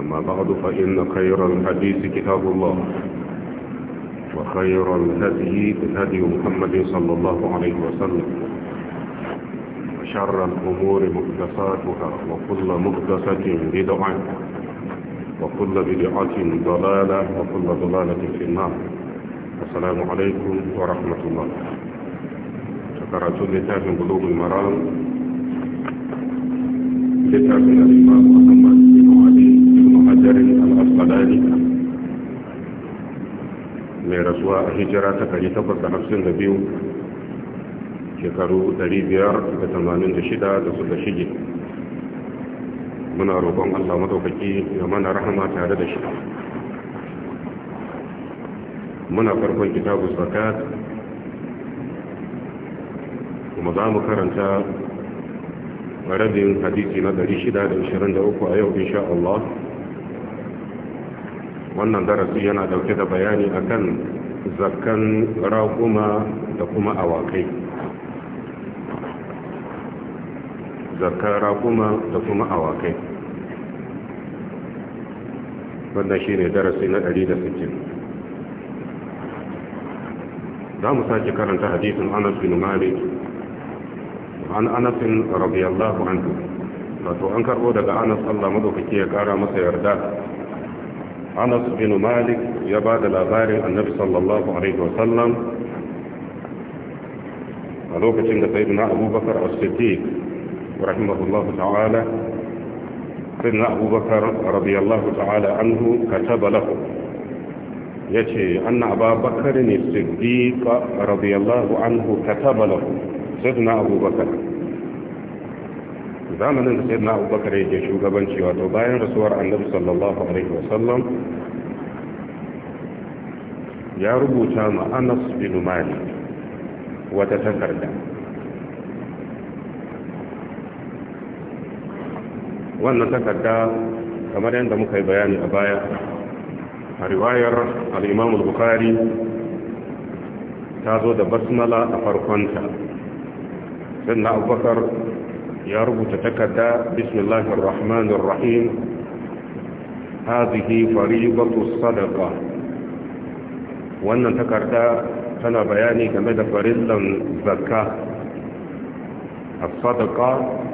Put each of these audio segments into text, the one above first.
أما بعد فإن خير الحديث كتاب الله وخير الهدي هدي محمد صلى الله عليه وسلم وشر الأمور مقدساتها وكل مقدسة بدعة وكل بدعة ضلالة وكل ضلالة في النار السلام عليكم ورحمة الله شكرا لتاف بلوغ المرام لتاف الإمام محمد ضلالها mai rasuwa a hijira ta kari takwas da hamsin da biyu shekaru dari biyar da tamanin da shida da suka shige muna roƙon allah maɗaukaki ga mana rahama tare da shi muna farkon kitabu zakat kuma za mu karanta rabin hadisi na 623 a yau insha Allah wannan darasi yana dauke da bayani akan zakkan raƙuma da kuma awakai zakkan raƙuma da kuma awakai wannan shi ne darasi na 160 za mu sake karanta hadisin anas bin malik an anasin rabiyallahu anhu wato an karbo daga anas allah madaukaki ya kara masa yarda anas bin malik ya ba da labarin annabi sallallahu alaihi wasallam a lokacin da sai na abubakar a siddiq rahimahullahu ta'ala sai na abubakar radiyallahu ta'ala anhu kataba lahu ya ce anna abubakar ne siddiq radiyallahu anhu kataba lahu sai na abubakar zamanin da sayyidina abubakar yake shugabanci wato bayan rasuwar annabi sallallahu alaihi wasallam ya rubuta ma anas bin wata takarda wannan takarda kamar yadda muka yi bayani a baya a riwayar al'imam bukhari ta zo da basmala a farkonta sannan abubakar يا رب تتكدى بسم الله الرحمن الرحيم هذه فريضة الصدقة وأن تكرتا كان بياني كما فريضة زكاة الصدقة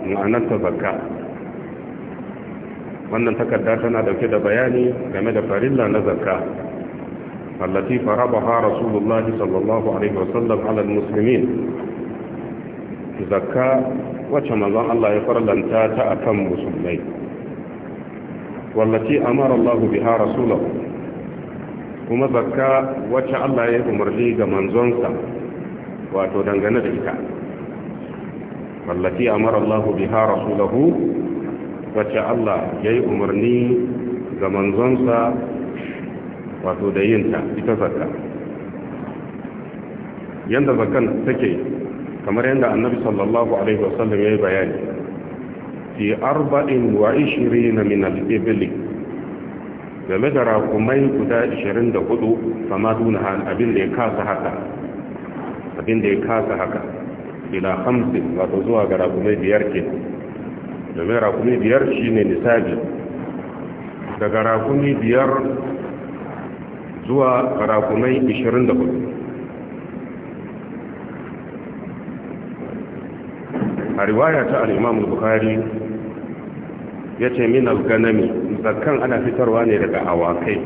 معنى الزكاة وأن تكرتا كان كده بياني كما فريضة زكاة التي فرضها رسول الله صلى الله عليه وسلم على المسلمين زكاة wacce manzon Allah ya farlanta ta akan musulmai wallaci amara Allah biha rasulahu kuma zakka wacce Allah ya umarni ga manzonsa wato dangane da ita wallaci amara Allah biha rasulahu wacce Allah ya yi umarni ga manzonsa wato da yinta ita zakka yanda zakkan take kamar yadda annabi sallallahu alaihi wasallam ya yi bayani fi arba'in wa ishirina na al-ibli game da rakumai guda 24 fama duna hal abin da ya kasa haka abin da ya kasa haka ila hamsin wato zuwa ga rakumai biyar ke domin rakumi biyar shine nisabi daga rakumai biyar zuwa rakumai 24 a riwaya ta al'imamu bukari ya ce min alganami zakan ana fitarwa ne daga awakai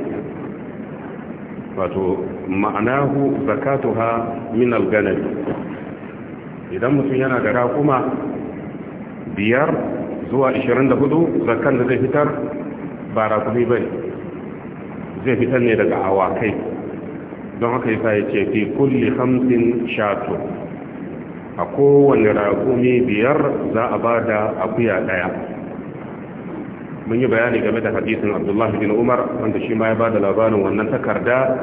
wato ma'anahu zakatuha min alganami idan mutum yana da rakuma biyar zuwa 24 zakan da zai fitar ba rakumi bai zai fitar ne daga awakai don haka yasa ya ce fi kulli hamsin shatu a kowane raƙumi biyar za a ba da akuya ɗaya mun yi bayani game da hadisin abdullahi bin umar wanda shi ma ya ba da labarin wannan takarda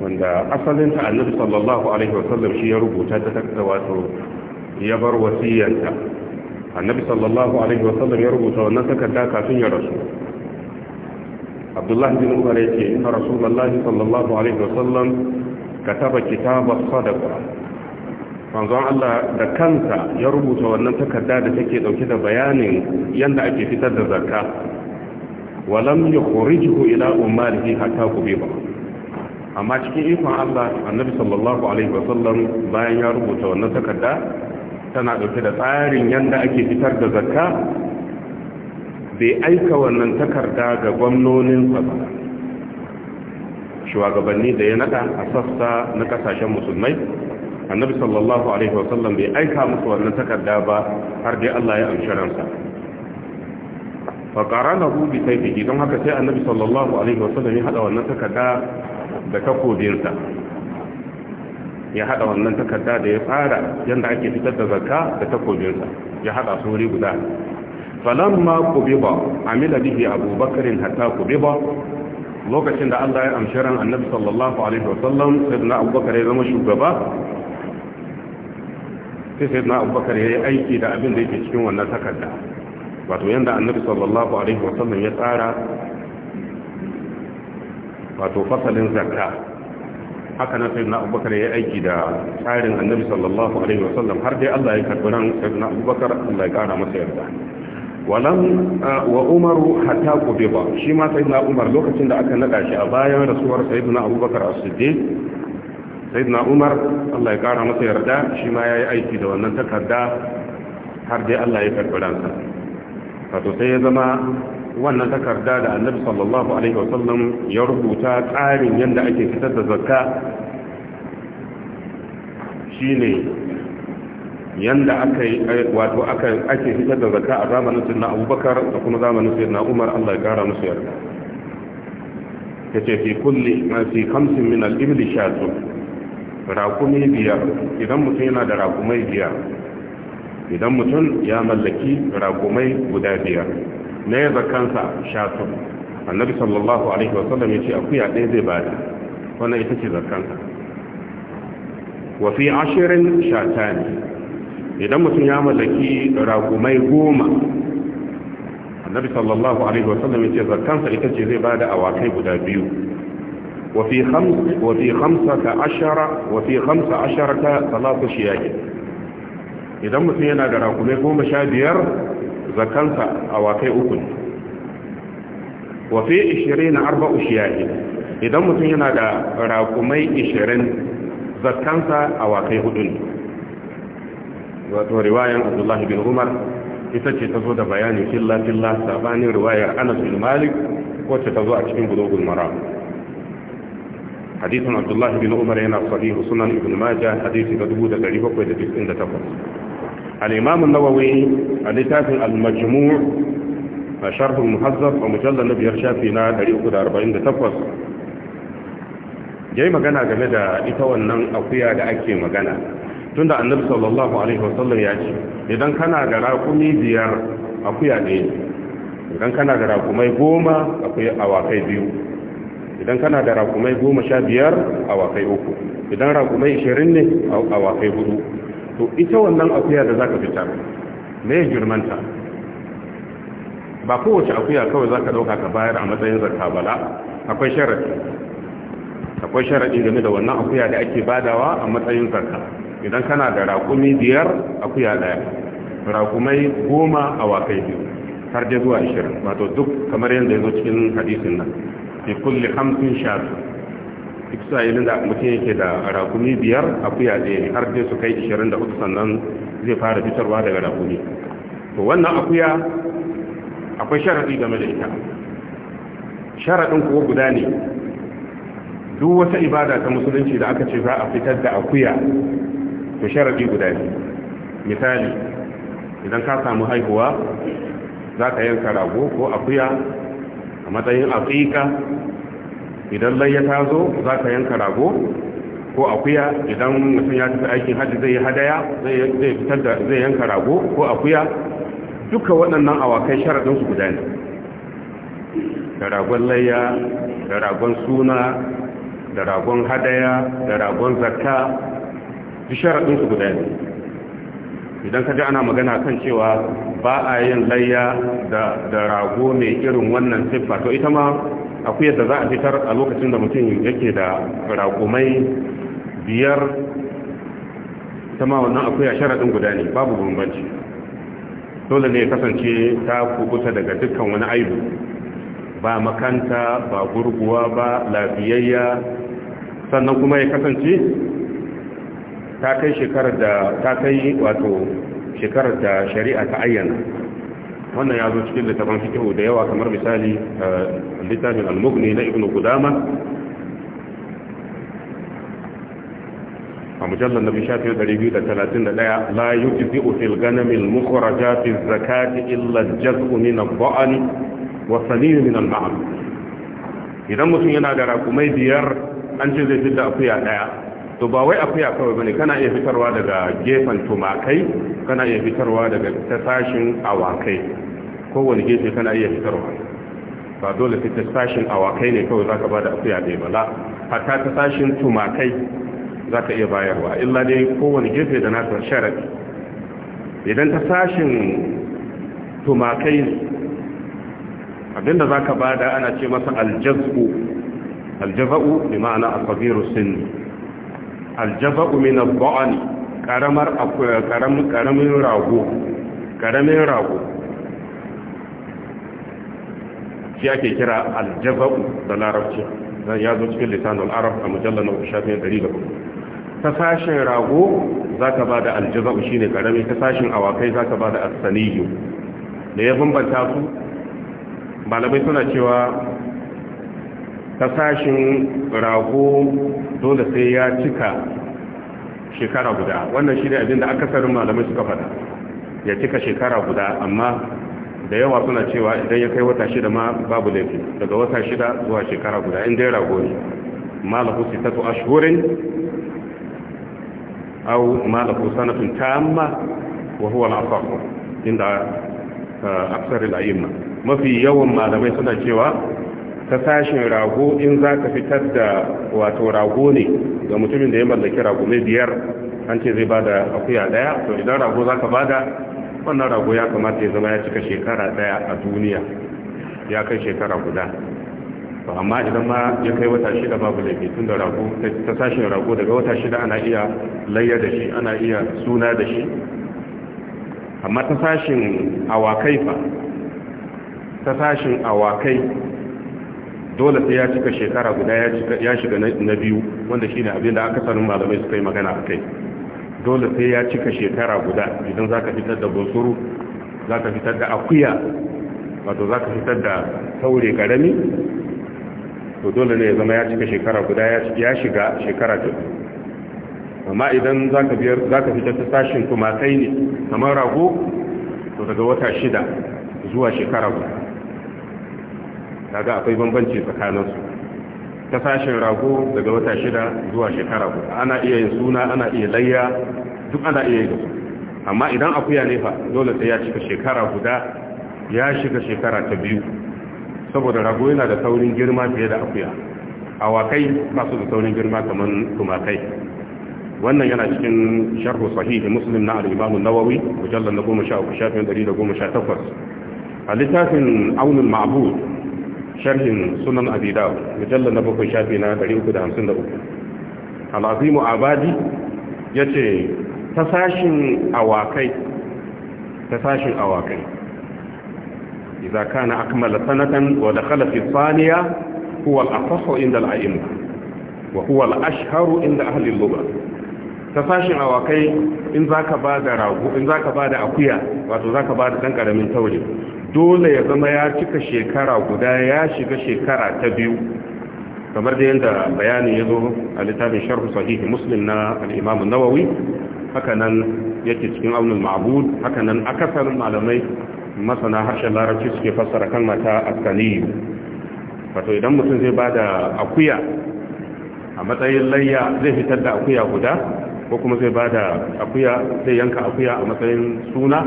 wanda asalin annabi sallallahu alaihi wasallam shi ya rubuta ta takarda wato ya bar wasiyanta annabi sallallahu alaihi wasallam ya rubuta wannan takarda kafin ya rasu abdullahi bin umar ya ce inna rasulullahi sallallahu alaihi wasallam kataba kitabas sadaqa manzon Allah da kansa ya rubuta wannan takarda da take dauke da bayanin yanda ake fitar da zakka walam yukhrijuhu ila ummatihi hatta kubiba amma cikin ikon Allah annabi sallallahu alaihi wasallam bayan ya rubuta wannan takarda tana dauke da tsarin yanda ake fitar da zakka bai aika wannan takarda ga gwamnonin ba shugabanni da ya nada a sassa na kasashen musulmai annabi sallallahu alaihi wasallam bai aika musu wannan takarda ba har dai Allah ya amshi ransa fa qaranahu bi sayfihi don haka sai annabi sallallahu alaihi wasallam ya hada wannan takarda da takobinsa ya hada wannan takarda da ya fara yanda ake fitar da zakka da takobinsa ya hada su wuri guda falamma qubiba amila bihi abubakar hatta qubiba lokacin da Allah ya amshi ran annabi sallallahu alaihi wasallam sai na abubakar ya zama shugaba sai sai na abubakar ya yi aiki da abin da yake cikin wannan takarda wato yadda annabi sallallahu alaihi wasallam ya tsara wato fasalin zakka haka na sai na abubakar ya yi aiki da tsarin annabi sallallahu alaihi wasallam har dai Allah ya karbi ran sai na abubakar Allah ya kara masa yarda walam wa umar hatta kubiba shi ma sai na umar lokacin da aka nada shi a bayan rasuwar sayyidina abubakar as-siddiq na umar Allah ya kara masa yarda shi ma yayi aiki da wannan takarda har dai Allah ya karbi ransa wato sai ya zama wannan takarda da annabi sallallahu alaihi wasallam ya rubuta tsarin yanda ake fitar da zakka shine yanda aka wato aka ake fitar da zakka a zamanin sunna abubakar da kuma zamanin sayyidina umar Allah ya kara masa yarda yace fi kulli ma fi khamsin min al-ibli shatun raƙumi biyar idan mutum yana da raƙumai biyar idan mutum ya mallaki raƙumai guda biyar na ya zakansa shatu annabi sallallahu alaihi wasallam ya ce akuya ɗaya zai ba da wannan ita ce zakansa wafi ashirin shata ne idan mutum ya mallaki raƙumai goma annabi sallallahu alaihi wasallam ya ce zakansa ita ce zai bada awakai guda biyu وفي خمس وفي خمسة عشر وفي خمسة عشرة ثلاث شياج إذا مثل ينا قرأ كميكو مشابير زكانسا أواقي أكل وفي عشرين أربع شياج إذا مثل ينا قرأ كمي عشرين زكانسا أواقي أكل wato riwayar abdullahi bin umar ita ce ta zo da bayanin filla-filla sabanin riwayar anas bin malik wacce ta zo a cikin gudogun mara hadisin abdullahi bin umar yana sahihu sunan ibn majah hadisi ga 1798 al-imam an-nawawi a littafin al a sharh al-muhazzab na biyar shafi na 348 yayi magana game da ita wannan akuya da ake magana tunda annabi sallallahu alaihi wasallam ya ce idan kana da raƙumi biyar akuya ne idan kana da raƙumai goma akwai awakai biyu idan kana da raƙumai goma sha biyar a wakai uku idan raƙumai ishirin ne a wakai hudu to ita wannan akuya da za ka fitar me girmanta ba kowace akuya kawai za ka ɗauka ka bayar a matsayin zarka bala akwai sharaɗi akwai sharaɗi game da wannan akuya da ake badawa a matsayin zarka idan kana da raƙumi biyar akuya ɗaya raƙumai goma a wakai biyu har dai zuwa ishirin, wato duk kamar yadda ya zo cikin hadisin nan fi kulli hamsin shatu duk sa'ilin da mutum yake da rakumi biyar akuya ɗaya har dai su kai 24 sannan zai fara fitarwa daga rakumi to wannan akuya akwai sharaɗi game da ita sharaɗin kuwa guda ne duk wata ibada ta musulunci da aka ce za a fitar da akuya to sharaɗi guda ne misali idan ka samu haihuwa za ka yanka rago ko akuya matsayin afrika idan layya ta zo za ka yanka rago ko akuya idan mutum ya tafi aikin hajji zai yi hadaya zai fitar da zai yanka rago ko akuya duka waɗannan awakai sharaɗin su guda ne da ragon layya da ragon suna da ragon hadaya da ragon zarta duk sharaɗin su guda ne idan ka ji ana magana kan cewa ba a yin layya da rago mai irin wannan siffa to ita ma akwai yadda za a fitar a lokacin da mutum yake da ragumai biyar ta ma wannan akwai a sharaɗin guda ne babu bambanci dole ne ya kasance ta kubuta daga dukkan wani aibu ba makanta ba gurguwa ba lafiyayya sannan kuma ya kasance ta kai shekarar da ta kai wato shekarar da shari'a ta ayyana wannan ya zo cikin littafin fikihu da yawa kamar misali littafin al-mughni na ibnu qudama a mujallal nabi shafi 231 la yujzi'u fil ganami al-mukhrajati az-zakati illa al-jaz'u min al-ba'n wa salim min al-ma'am idan mutum yana da rakumai biyar an ce zai fitta akuya daya to ba wai akuya kawai bane kana iya fitarwa daga gefen tumakai kana iya fitarwa daga tasashin awakai kowane gefe kana iya fitarwa ba dole ta sashin awakai ne kawai zaka bada akuya dai bala hatta tasashin tumakai zaka iya bayarwa illa dai kowane gefe da nasa sharadi idan tasashin tumakai abinda zaka bada ana ce masa aljazu aljaza'u bi ma'ana al kabiru sinni aljaba'u min al-ba'ani karamar karamin rago karamin rago shi ake kira aljaba'u da larabci dan ya zo cikin lisanul arab a mujallal na shafin 104 ta sashin rago zaka bada aljaba'u shine karami ta sashin awakai zaka bada as-saniyu da ya bambanta su malamai suna cewa kasashin rago dole sai ya cika shekara guda wannan shi ne abin da sarin malamai suka fada ya cika shekara guda amma da yawa suna cewa idan ya kai wata shida ma babu laifi daga wata shida zuwa shekara guda in dai rago ne su sitatu ashirin au malafu sanatun ta amma. wahuwa na afaq inda eh, aksarin al ma. mafi yawan malamai suna cewa ta sashin rago in za ka fitar da wato rago ne ga mutumin da ya mallaki rago mai biyar an ce zai bada akuya daya to idan rago za ka bada wannan rago ya kamata ya zama ya cika shekara daya a duniya ya kai shekara guda to amma idan ma ya kai wata shida babu laifi tun da rago ta sashin rago daga wata shida ana iya layya da shi ana iya suna da shi amma ta sashin awakai fa ta sashin awakai dole sai ya cika shekara guda ya shiga na biyu wanda shine abin da sanin malamai suka yi magana a kai dole sai ya cika shekara guda idan zaka fitar da bosuru zaka fitar da akuya wato zaka fitar da taure karami to dole ne ya zama ya cika shekara guda ya shiga shekara ta amma idan zaka biyar zaka fitar ta sashin kai ne kamar rago to daga wata shida zuwa shekara guda kaga akwai bambanci tsakaninsu ta sashen rago daga wata shida zuwa shekara guda ana iya yin suna ana iya layya duk ana iya yi da su amma idan akuya ne fa dole sai ya cika shekara guda ya shiga shekara ta biyu saboda rago yana da saurin girma fiye da akuya awakai ba su da saurin girma kamar tumakai wannan yana cikin sharhu sahihi muslim na al-imam an-nawawi mujallal 13 shafin 118 a littafin aunul ma'bud sharhin sunan abi Mujalla na bakwai shafi na 353 al-azimu ya ce, ta sashin awakai ta sashin awakai idza kana akmala sanatan wa dakhala fi thaniya huwa al-asahhu inda al wa huwa al-ashharu inda ahli al-lugha ta sashin awakai in zaka bada rago in zaka bada akuya wato zaka bada dan karamin taure dole ya zama ya cika shekara guda ya shiga shekara ta biyu kamar da yadda bayanin ya zo a littafin sharhu sahihi muslim na al'imam nawawi hakanan yake cikin aunin ma'abud hakanan akasar malamai masana harshen larabci suke fassara kan mata askaniyu wato idan mutum zai ba da akuya a matsayin layya zai fitar da akuya guda ko kuma zai ba da akuya zai yanka akuya a matsayin suna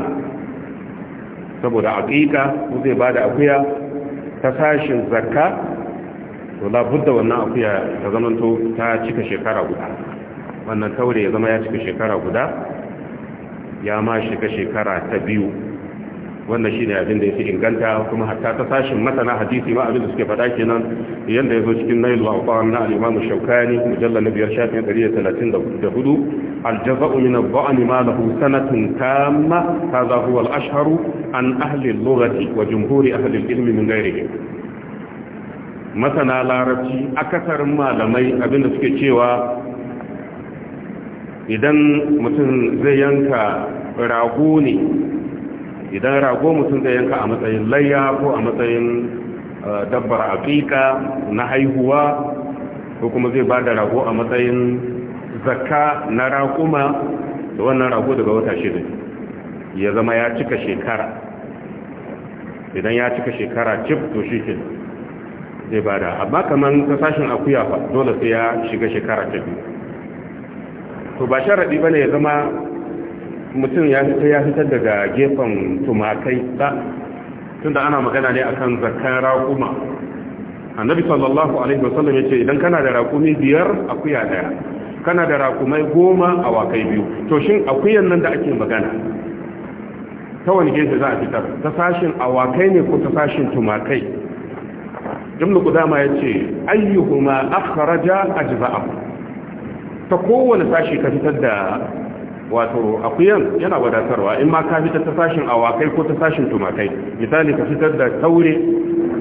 saboda aƙiƙa in zai ba da akuya ta sashin zakka to labudda wannan akuya ta zamanto ta cika shekara guda wannan taure ya zama ya cika shekara guda ya ma shiga shekara ta biyu wannan shine abin da fi inganta kuma hatta ta sashin masana hadisi ma abin da suke faɗa kenan yadda ya zo cikin nailul awqan na al-imam shaukani mujallar na biyar shafin 134 الجزاء من الضأن ما له سنة تامة هذا هو الأشهر عن أهل اللغة وجمهور أهل العلم من غيرهم مثلا لا ربشي أكثر ما لمي أبن سكتشيوا idan mutum zai yanka rago ne idan rago mutum zai yanka a matsayin layya ko a matsayin dabbar aƙiƙa na haihuwa ko kuma zai ba da rago a matsayin zakka na raƙuma da wannan rago daga wata shida ya zama ya cika shekara idan ya cika shekara cif to shi ke zai da amma kamar ta sashin akuya ba dole sai ya shiga shekara ta biyu to ba sharaɗi ba ne ya zama mutum ya fita ya fitar daga gefen tumakai ba tunda ana magana ne akan zakkan raƙuma annabi sallallahu alaihi wasallam ya ce idan kana da raƙumi biyar akuya ɗaya kana da rakumai goma a wakai biyu to shin akuyan nan da ake magana ta wani gefe za a fitar ta sashin awakai ne ko ta sashin tumakai jimla kudama ya ce ayyuhuma akharaja ajza'a ta kowane sashi ka fitar da wato akuyan yana wadatarwa in ma ka fitar ta sashin awakai ko ta sashin tumakai misali ka fitar da taure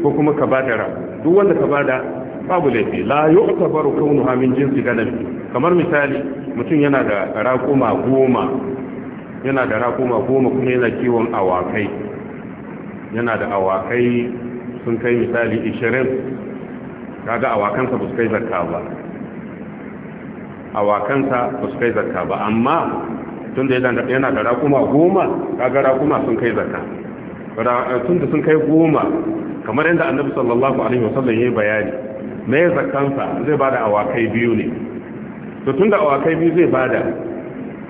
ko kuma ka bada duk wanda ka bada babu laifi la yu'tabaru kaunuha min jinsi ganam kamar misali mutum yana da raƙuma goma yana da raƙuma goma kuma yana kiwon awakai yana da awakai sun kai misali 20 kaga awakansa ba su kai zakka ba awakansa ba su kai zakka ba amma tun da yana da raƙuma goma kaga raƙuma sun kai zakka tun da sun kai goma kamar yadda annabi sallallahu alaihi wasallam ya yi bayani me ya zakansa zai bada awakai biyu ne to tun da awakai biyu zai bada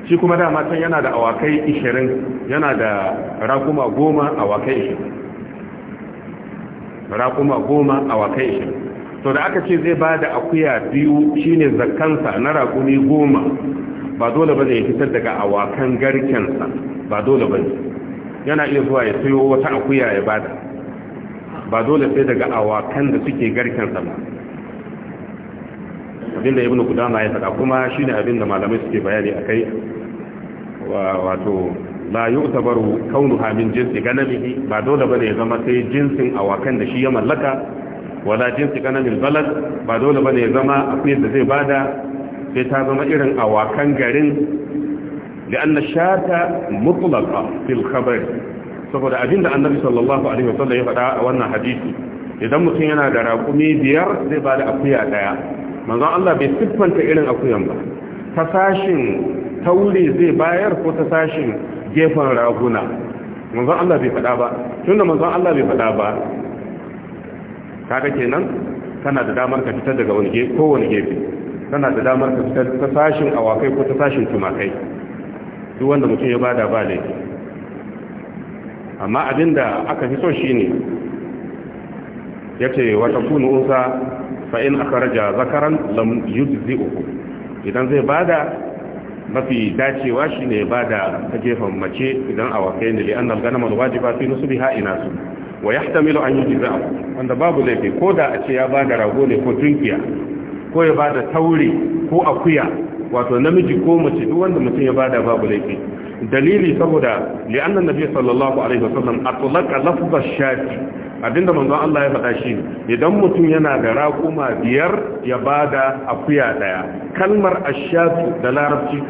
shi kuma dama can yana da awakai ishirin, yana da rakuma goma awakai ishirin. rakuma goma awakai ishirin. to da aka ce zai bada akuya biyu shine zakansa na rakuni goma, ba dole ba ya fitar daga awakan garkensa ba dole ba yana iya zuwa ya sayo wata akuya ya bada ba dole sai daga awakan da suke garkensa ba abinda ibn kudama ya faɗa kuma shine abinda malamai suke bayani akai wato la yu'tabaru kaunuha min jinsi ganamihi ba dole bane ya zama sai jinsin awakan da shi ya mallaka wala jinsi ganamin balad ba dole bane ya zama akwai da zai bada sai ta zama irin awakan garin لأن الشاة مطلقة في الخبر سبب أبين النبي صلى الله عليه وسلم يفعل وانا حديثي idan mutum yana da raƙumi biyar zai ba da akuya ɗaya manzon Allah bai siffanta irin akuyan ba ta sashin taure zai bayar ko ta sashin gefen raguna manzon Allah bai faɗa ba tunda manzon Allah bai faɗa ba kaga kenan kana da damar ka fitar daga wani gefe kowane gefe kana da damar ka fitar ta sashin awakai ko ta sashin tumakai duk wanda mutum ya bada ba laifi amma abinda aka fi so shine yace wata kunu unsa fa in akhraja zakaran lam yujzi'uhu idan zai bada mafi dacewa shine ya bada ta gefen mace idan a awakai ne li'anna al-ganama al-wajiba bi ha'ina su wa milo an yi yujza'a wanda babu laifi ko da a ce ya bada rago ne ko tunkiya ko ya bada tauri ko akuya wato namiji ko mace duk wanda mutum ya bada babu laifi dalili saboda na biya sallallahu alaihi wasallam atlaqa lafza shafi. abinda manzon Allah ya faɗa shi idan mutum yana da raƙuma biyar ya bada akuya daya kalmar ashatu da larabci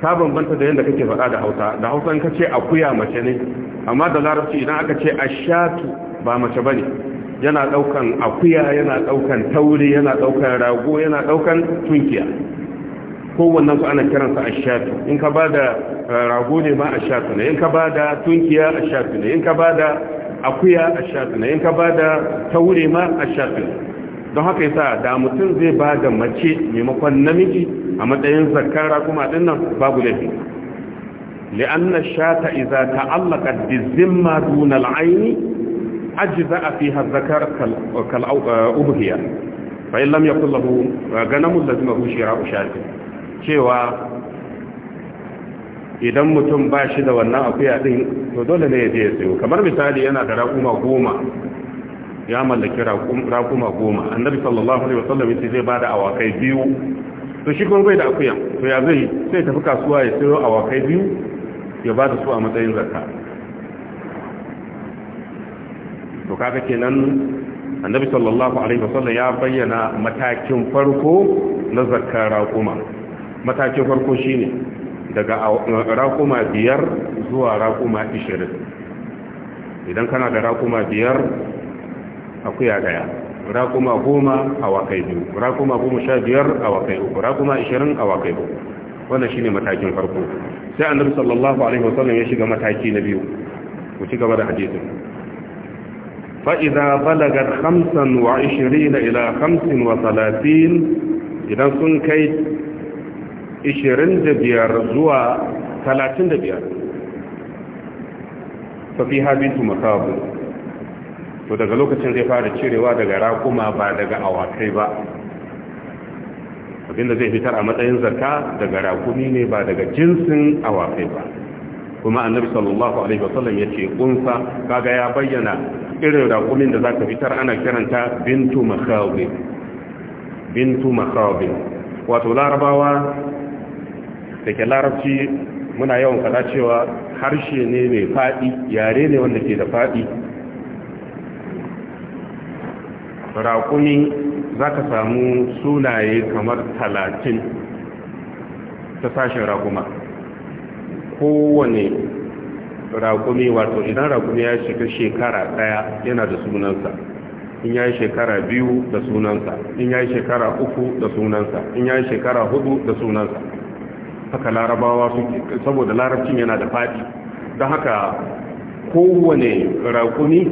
ta bambanta da yadda kake faɗa da hausa da hausa in kace akuya mace ne amma da larabci idan aka ce ashatu ba mace bane ne yana ɗaukan akuya yana ɗaukan tauri yana ɗaukan rago yana ɗaukan tunkiya kowanne su ana kiransa ashatu in ka ba eh, rago ne ma ashatu ne in ka ba tunkiya ashatu ne in ka ba akuya a shafina in ka ba da taure ma a shafina don haka yasa da mutum zai ba da mace maimakon namiji a matsayin zakara kuma din nan babu laifi li'anna shata idza ta'allaqat bi zimma dun al-ayn ajza fiha zakar kal uh, ubhiya fa in lam yakul lahu uh, ganamu lazima hu shira'u shati cewa idan mutum ba shi da wannan akuya din to dole ne ya je ya sayo kamar misali yana da raƙuma goma ya mallaki raƙuma goma annabi sallallahu alaihi wasallam yace zai bada awakai biyu to shi kuma bai da akuya to ya zai sai tafi kasuwa ya sayo awakai biyu ya bada su a matsayin zakka to kaga kenan annabi sallallahu alaihi wasallam ya bayyana matakin farko na zakkar raƙuma. matakin farko shine daga raƙuma biyar zuwa raƙuma ishirin idan kana da raƙuma biyar akuya daya raƙuma goma a wakai biyu raƙuma goma sha biyar a wakai uku raƙuma ishirin a wakai uku wannan shine matakin farko sai annabi sallallahu alaihi wasallam ya shiga mataki na biyu ku ci gaba da hadisin fa idza balagat 25 ila 35 idan sun kai 25 zuwa 35 fafi habitu makabu to daga lokacin zai fara cirewa daga rakuma ba daga awakai ba abinda zai fitar a matsayin zakka daga rakumi ne ba daga jinsin awakai ba kuma annabi sallallahu alaihi wasallam yace kunsa kaga ya bayyana irin rakumin da zaka fitar ana kiranta bintu makhawi bintu makhawi wato larabawa da ke larabci muna yawan kada cewa harshe ne mai faɗi yare ne wanda ke da faɗi raƙumi za ka samu sunaye kamar talatin ta sashen raƙuma kowane raƙumi wato idan raƙumi ya shiga shekara ɗaya yana da sunansa in ya yi shekara biyu da sunansa in ya yi shekara uku da sunansa in ya yi shekara hudu da sunansa haka larabawa suke saboda larabcin yana da fadi don haka kowane rakuni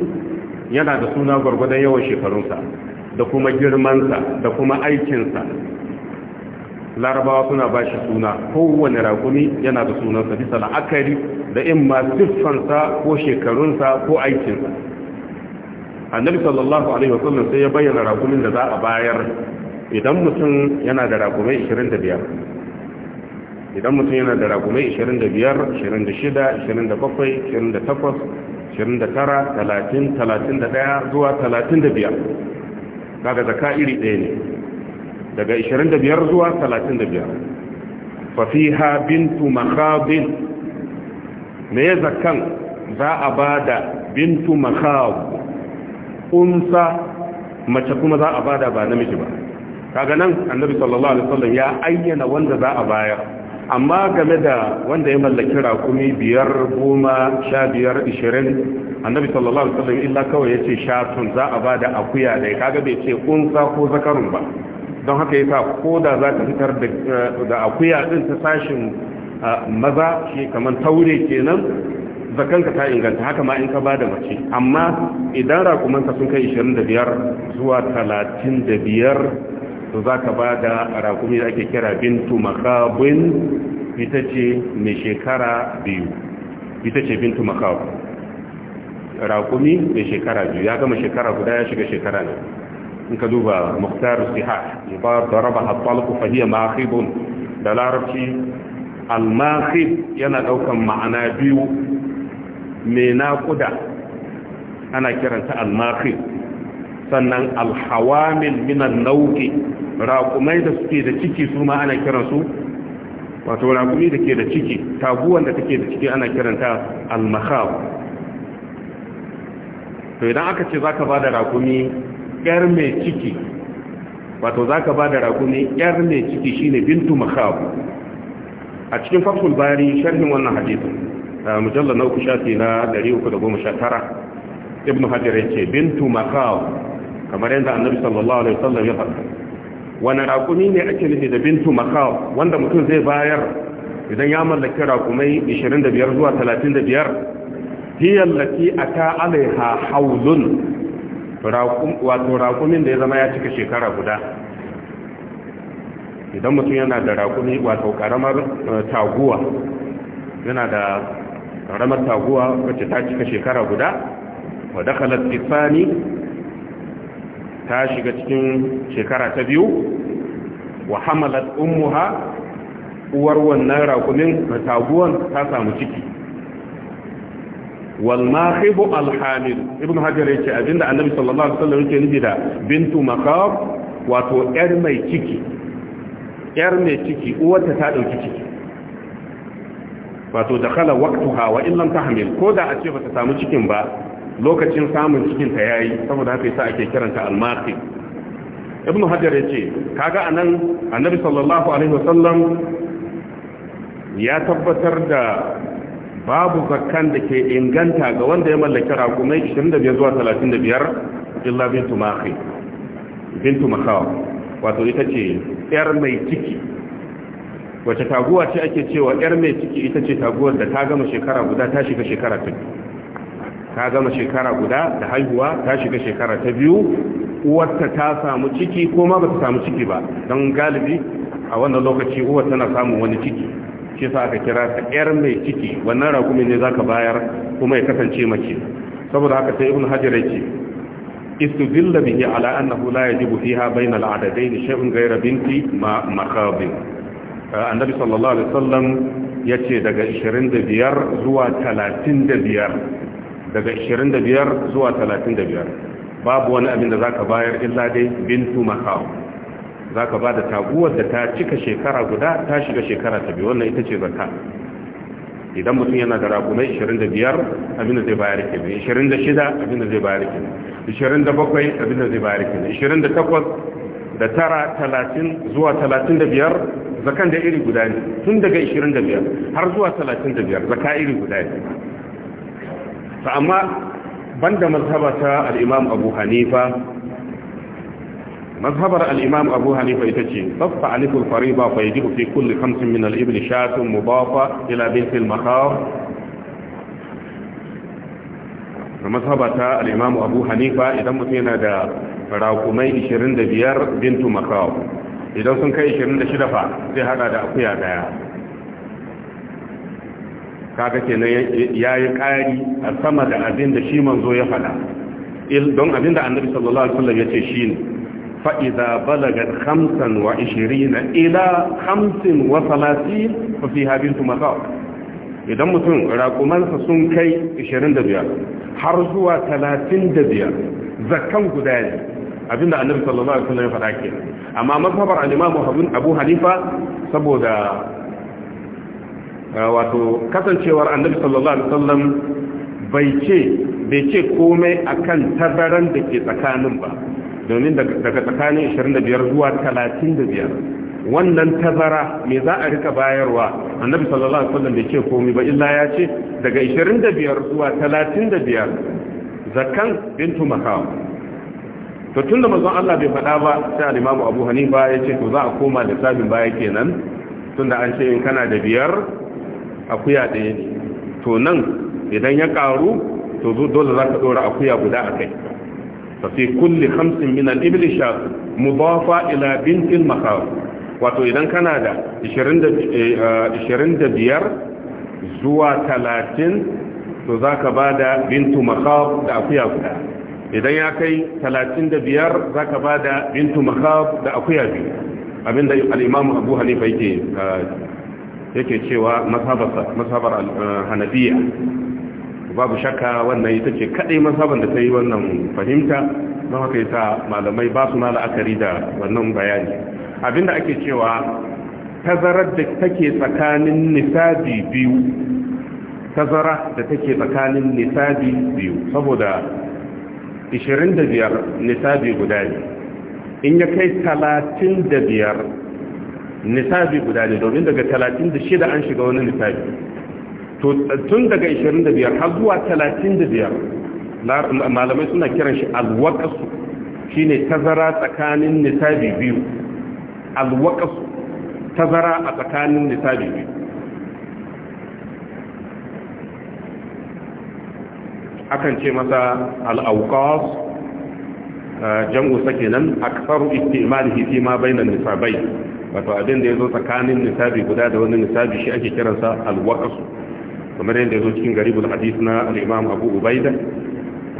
yana da suna gwargwadon yawan shekarunsa da kuma girmansa da kuma aikinsa larabawa suna ba shi suna kowane rakuni yana da sunansa bisa la'akari da in ma siffansa ko shekarunsa ko aikinsa annabi sallallahu alaihi wasallam sai ya bayyana rakumin da za a bayar idan mutum yana da rakumai 25 idan mutum yana da ragumai 25 26 27 28 29 30 31 zuwa 35 daga zaka iri ɗaya ne daga 25 zuwa 35 fafiha bintu makhabin me ya zakan za a ba da bintu makhab unsa mace kuma za a ba da ba namiji ba kaga nan annabi sallallahu alaihi wasallam ya ayyana wanda za a bayar amma game da wanda ya mallaki rakumi biyar goma sha biyar ishirin annabi sallallahu alaihi wasallam illa kawai ya ce shatun za a bada akuya da ya kaga bai ce unsa ko zakarun ba don haka yasa ko da za ka fitar da eh, akuya din ta sashin eh, maza shi kamar taure kenan zakanka ta inganta haka ma in ka bada mace amma idan rakumanka sun kai 25 zuwa biyar. to za ka ba da rakumi da ake kira bintu makabin ita ce mai shekara biyu ita ce bintu makabin rakumi mai shekara biyu ya gama shekara guda ya shiga shekara ne in ka duba muktar siha ba da raba ku fahiyar makhibun da larabci almakib yana daukan ma'ana biyu mai naƙuda ana kiranta almakib. sannan alhawamil minan nauki, raƙumai da suke da ciki su ma ana kiransu wato raƙumi da ke da ciki taguwan da take da ciki ana kiranta almahab to idan aka ce zaka ba da raƙumi ƴar mai ciki wato zaka ba da raƙumi ƴar mai ciki shine bintu mahab a cikin fathul bari sharhin wannan hadisin mujalla na uku shafi na 319 ibn hajar yace bintu makaw kamar yadda annabi sallallahu alaihi wasallam ya faɗa wani raƙumi ne ake nufi da bintu makaw wanda mutum zai bayar idan ya mallaki raƙumai 25 zuwa 35 hiyar lati a ta alaiha haulun wato raƙumin da ya zama ya cika shekara guda idan mutum yana da raƙumi wato ƙaramar eh, taguwa yana da ƙaramar taguwa wacce ta cika shekara guda wa kalar tsifani ta shiga cikin shekara ta biyu wa hamalat ummuha uwar wannan rakumin taguwan ta samu ciki Walmahibu mahibu Ibn hamil ya ce abinda annabi sallallahu alaihi wasallam yake nufi da bintu maqab wato yar mai ciki yar mai ciki uwarta ta dauki ciki wato dakhala waqtaha wa illam tahmil ko da a ce bata samu cikin ba lokacin samun cikin ta yayi saboda haka yasa ake kiranta al-maqi ibnu hajar yace kaga anan annabi sallallahu alaihi wasallam ya tabbatar da babu zakkan da ke inganta ga wanda ya mallaki raƙumai 25 zuwa 35 illa bintu maqi bintu makawa wato ita ce yar mai ciki wace taguwa ce ake cewa yar mai ciki ita ce taguwar da ta gama shekara guda ta shiga shekara ta ka gama shekara guda da haihuwa ta shiga shekara ta biyu uwarta ta samu ciki ko ma ba ta samu ciki ba don galibi a wannan lokaci uwar tana samun wani ciki shi sa aka kira ta yar mai ciki wannan rakumi ne zaka bayar kuma ya kasance mace saboda haka sai ibn hajar yake istudilla bihi ala annahu la yajibu fiha bayna al-adadayn shay'un ghayra binti ma makhabin eh, annabi sallallahu alaihi wasallam yace daga 25 zuwa 35 daga 25 zuwa 35 babu wani abin da zaka bayar illa dai bintu za zaka ba da taguwar da ta cika shekara guda ta shiga shekara ta biyu wannan ita ce zakka idan mutum yana da ragunai 25 abin da zai bayar ke ne 26 abin da zai bayar ke ne 27 abin da zai bayar ke ne 28 da tara talatin zuwa talatin da biyar zakan da iri guda ne tun daga ishirin da biyar har zuwa talatin da biyar zaka iri guda ne to amma banda mazhaba ta al'imam abu hanifa mazhabar al-imam abu hanifa ita ce tsaffa aliful fariba fa yajibu fi kulle khamsin min al-ibn shatun mudafa ila bint al-mahar mazhaba ta al'imam abu hanifa idan mutum yana da raƙumai 25 bintu makaw idan sun kai 26 fa zai hada da akuya daya kaga kenan yayi ƙari a sama da abin da shi manzo ya faɗa don abin da annabi sallallahu alaihi wasallam yace shine fa idza balagat 25 ila 35 fa fi bintu masaq idan mutum raƙumansa sun kai 25 har zuwa 35 zakkan guda ne abinda annabi sallallahu alaihi wasallam ya faɗa kenan amma mazhabar al-imam Abu Hanifa saboda wato kasancewar annabi sallallahu alaihi wasallam bai ce bai ce komai akan tabaran da ke tsakanin ba domin daga tsakanin 25 zuwa 35 wannan tazara me za a rika bayarwa annabi sallallahu alaihi wasallam bai ce komai ba illa ya ce daga 25 zuwa 35 zakan bintu makawa to tunda manzon Allah bai faɗa ba sai al imamu Abu Hanifa ya ce to za a koma da sabin baya kenan tunda an ce in kana da biyar akuya ɗaya ne to nan idan ya ƙaru to zo dole za ka ɗora akuya guda a kai fa fi kulli hamsin min al-ibli sha mudafa ila bintin makar wato idan kana da 25 eh, zuwa 30 to za ka ba da bintu makar da akuya guda idan ya kai 35 za ka ba da bintu makar da akuya biyu abinda al'imamu abu hannifa yake eh, yake cewa masabar eh, hanabiya babu shakka wannan ita ce kadai masabar da ta yi wannan fahimta don haka yi ta malamai ba su mala akari da wannan bayani abinda ake cewa tazarar da take tsakanin nisabi biyu tazara da take tsakanin nisabi biyu saboda 25 nisabi guda ne in ya kai 35 nisabi guda ne domin daga 36 an shiga wani nisabi to tun daga 25 har zuwa 35 malamai suna kiran shi alwaqasu shine tazara tsakanin nisabi biyu alwaqasu tazara a tsakanin nisabi biyu akan ce masa al-awqas eh, jam'u sakinan aksaru istimalihi fi ma bainan nisabai wato abin da ya zo tsakanin nisabi guda da wani nisabi shi ake kiransa alwakasu kamar yadda ya zo cikin garibul hadis na al'imam abu ubaida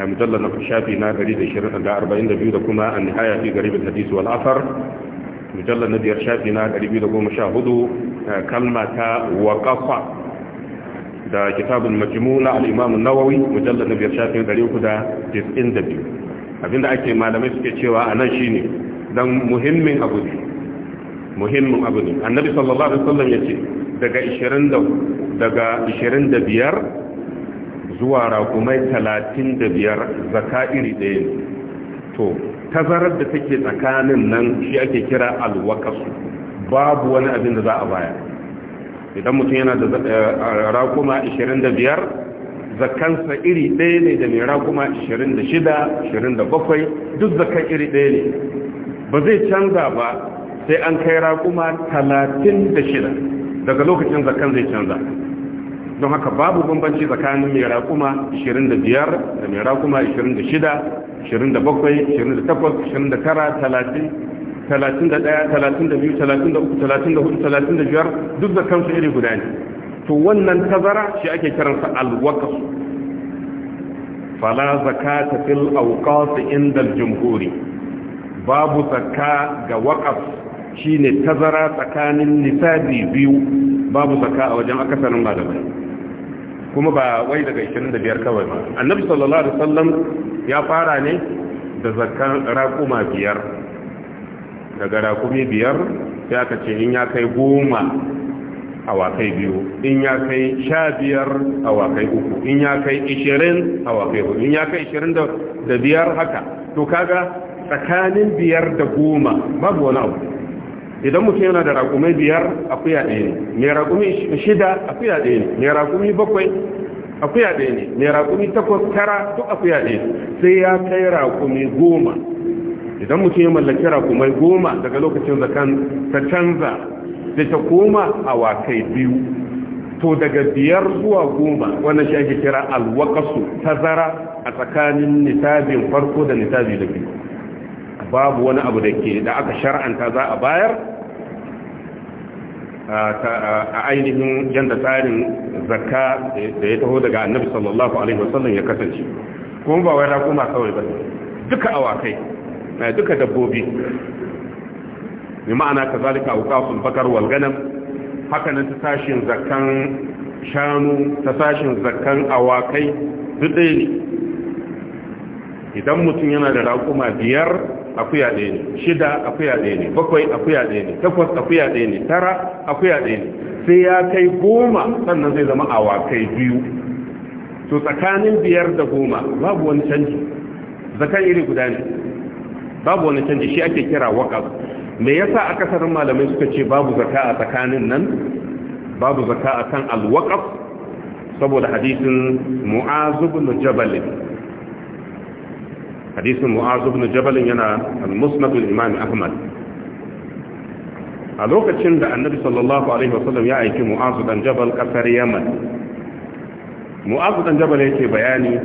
a mujallar na shafi na 142 da kuma an nihaya fi garibul hadis wal asar mujallar na biyar shafi na 214 kalma ta wakafa da kitabun na al'imam nawawi mujallar na biyar shafi 392 abinda ake malamai suke cewa a nan shine dan muhimmin abu ne muhimmin abu ne annabi sallallahu alaihi wasallam ya ce daga 20 daga 25 zuwa rakumai 35 zaka iri ɗaya ne to tazarar da take tsakanin nan shi ake kira alwakasu babu wani abin da za a baya idan mutum yana da eh, rakuma 25 zakansa iri ɗaya ne da mera kuma 26 27 duk zakan iri ɗaya ne ba zai canza ba sai an kai raƙuma talatin da shida daga lokacin zakan zai canza don haka babu bambanci tsakanin mai raƙuma 25 da mai raƙuma 26 duk da kansu iri guda ne to wannan tazara shi ake kiransa alwaqas fala zakata fil awqat inda al-jumhuri babu zakka ga waqaf Shi ne tazara tsakanin nisabi biyu babu saka a wajen akasarin malamai kuma ba wai daga 25 kawai ba annabi sallallahu alaihi wasallam ya fara ne da zakkan raƙuma biyar daga raƙumi biyar sai aka ce in ya kai goma wakai biyu in ya kai sha biyar wakai uku in ya kai ishirin wakai hudu in ya kai ishirin da biyar haka to kaga tsakanin biyar da goma babu wani abu idan mutum yana da raƙumi biyar akuya ɗaya ne mai raƙumi shida akuya ɗaya ne mai raƙumi bakwai akuya ɗaya ne mai raƙumi takwas tara duk akuya ɗaya sai ya kai raƙumi goma idan mutum ya mallaki raƙumai goma daga lokacin da ta canza da ta koma a awakai biyu to daga biyar zuwa goma wannan shi ake kira alwakasu tazara a tsakanin nisabin farko da nisabi da biyu babu wani abu da ke da aka shar'anta za a bayar a ainihin yadda tsarin zakka da ya taho daga annabi sallallahu alaihi wasallam ya kasance kuma ba wai raƙuma kawai ba duka awakai eh, duka dabbobi mai ma'ana ka zalika auqaful bakar wal ganam haka nan ta sashin zakkan shanu ta sashin zakkan awakai duk ɗaya ne idan mutum yana da raƙuma biyar akuya ɗaya ne shida akuya ɗaya ne bakwai akuya ɗaya ne takwas akuya ɗaya ne tara akuya ɗaya ne sai ya kai goma sannan zai zama awakai biyu to tsakanin biyar da goma babu wani canji zakan iri guda ne babu wani canji shi ake kira waƙaf me yasa akasarin malamai suka ce babu zaka a tsakanin nan babu zaka akan alwaqaf saboda hadisin mu'azubun jabalin hadisin mu'azu bin jabal yana al-musnad al-imam ahmad a lokacin da annabi sallallahu alaihi wasallam ya aiki mu'azu dan jabal kasar yaman mu'azu dan jabal yake bayani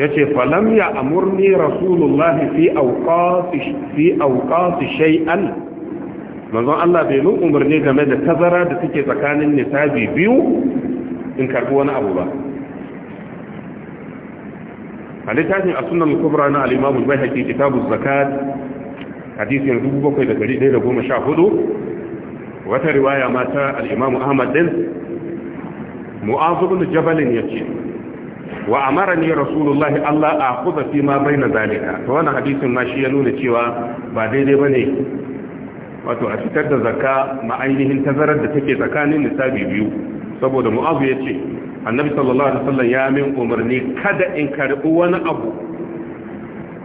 yace falam ya amurni rasulullahi fi awqati fi awqati shay'an manzon Allah bai mun umarni game da tazara da take tsakanin nisabi biyu in karbi wani abu ba a littafin a sunan kubra na al'imamu bai haƙi kitabu zakat hadisin 7,114 wata riwaya mata al'imamu ahmad din mu'azubun jabalin ya ce wa amara ne rasulullah allah a kuza fi ma bai na zalika ta wani hadisin ma shi ya nuna cewa ba daidai ba ne wato a fitar da zaka ma'ainihin tazarar da take tsakanin nisabi biyu saboda mu'azu ya ce annabi sallallahu alaihi wasallam ya min umarni kada in karbi wani abu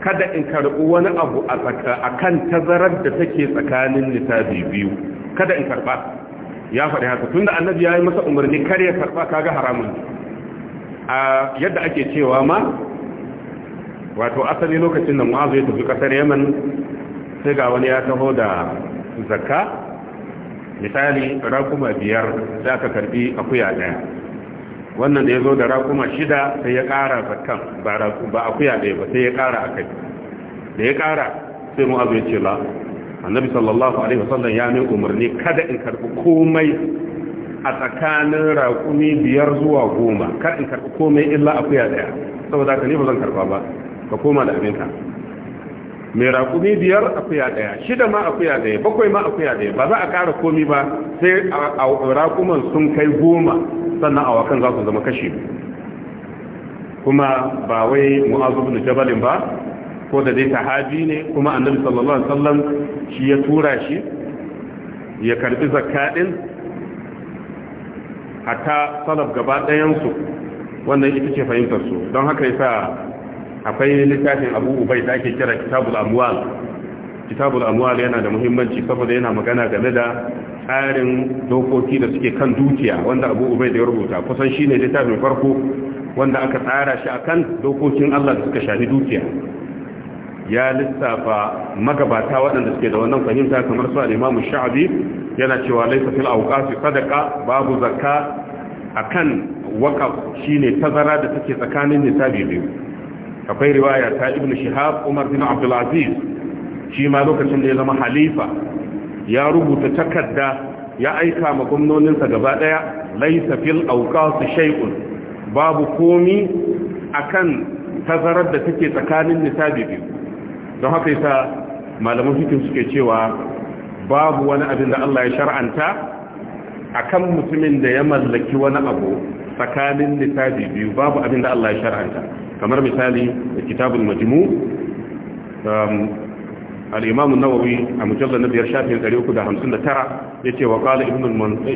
kada in karbi wani abu a tsaka akan tazarar da take tsakanin nisabi biyu kada in karba ya faɗi haka tunda annabi ya yi masa umarni kar ya karba kaga haramun a yadda ake cewa ma wato asali lokacin da mu'azu ya tafi kasar yaman sai ga wani ya taho da zakka misali rakuma biyar da aka karbi akuya ɗaya. wannan da ya zo da rakuma shida sai ya kara zakan ba akuya ɗaya ba sai ya kara a kai da ya ƙara sai mu azu ya ce la annabi sallallahu alaihi wasallam ya min umarni kada in karɓi komai a tsakanin rakumi biyar zuwa goma kada in karɓi komai illa akuya ɗaya saboda ka ne ba zan karɓa ba ka koma da abinka mai raƙumi biyar akuya ɗaya shida ma akuya ɗaya bakwai ma akuya ɗaya ba za a ƙara komi ba sai raƙuman sun kai goma sannan awakan za su zama kashi kuma ba wai mu'azu bin jabalin ba ko da dai sahabi ne kuma annabi sallallahu alaihi wasallam shi ya tura shi ya karbi zakka hatta salaf gaba ɗayan su wannan ita ce fahimtar su don haka yasa akwai littafin abu ubai da ake kira kitabul amwal kitabul amwal yana da muhimmanci saboda yana magana game da tsarin dokoki da suke kan dukiya wanda abu ubai da ya rubuta kusan shine littafin farko wanda aka tsara shi akan dokokin Allah da suka shafi dukiya ya lissafa magabata waɗanda suke da wannan fahimta kamar su al-Imam yana cewa laysa fil awqati sadaqa babu zakka akan waqaf shine tazara da take tsakanin nisabi biyu akwai riwaya ta ibn shihab umar bin Abdulaziz shi ma lokacin da ya zama halifa ya rubuta takarda ya aika ma gwamnoninsa gaba daya laisa fil awqas shay'un babu komi akan tazarar da take tsakanin nisabi biyu don haka yasa malaman fikin suke cewa babu wani abin da Allah ya shar'anta akan mutumin da ya mallaki wani abu tsakanin nisabi biyu babu abin da Allah ya shar'anta kamar misali kitabul majmu um, al-imam an-nawawi a mujallad na biyar shafin 359 yace wa qala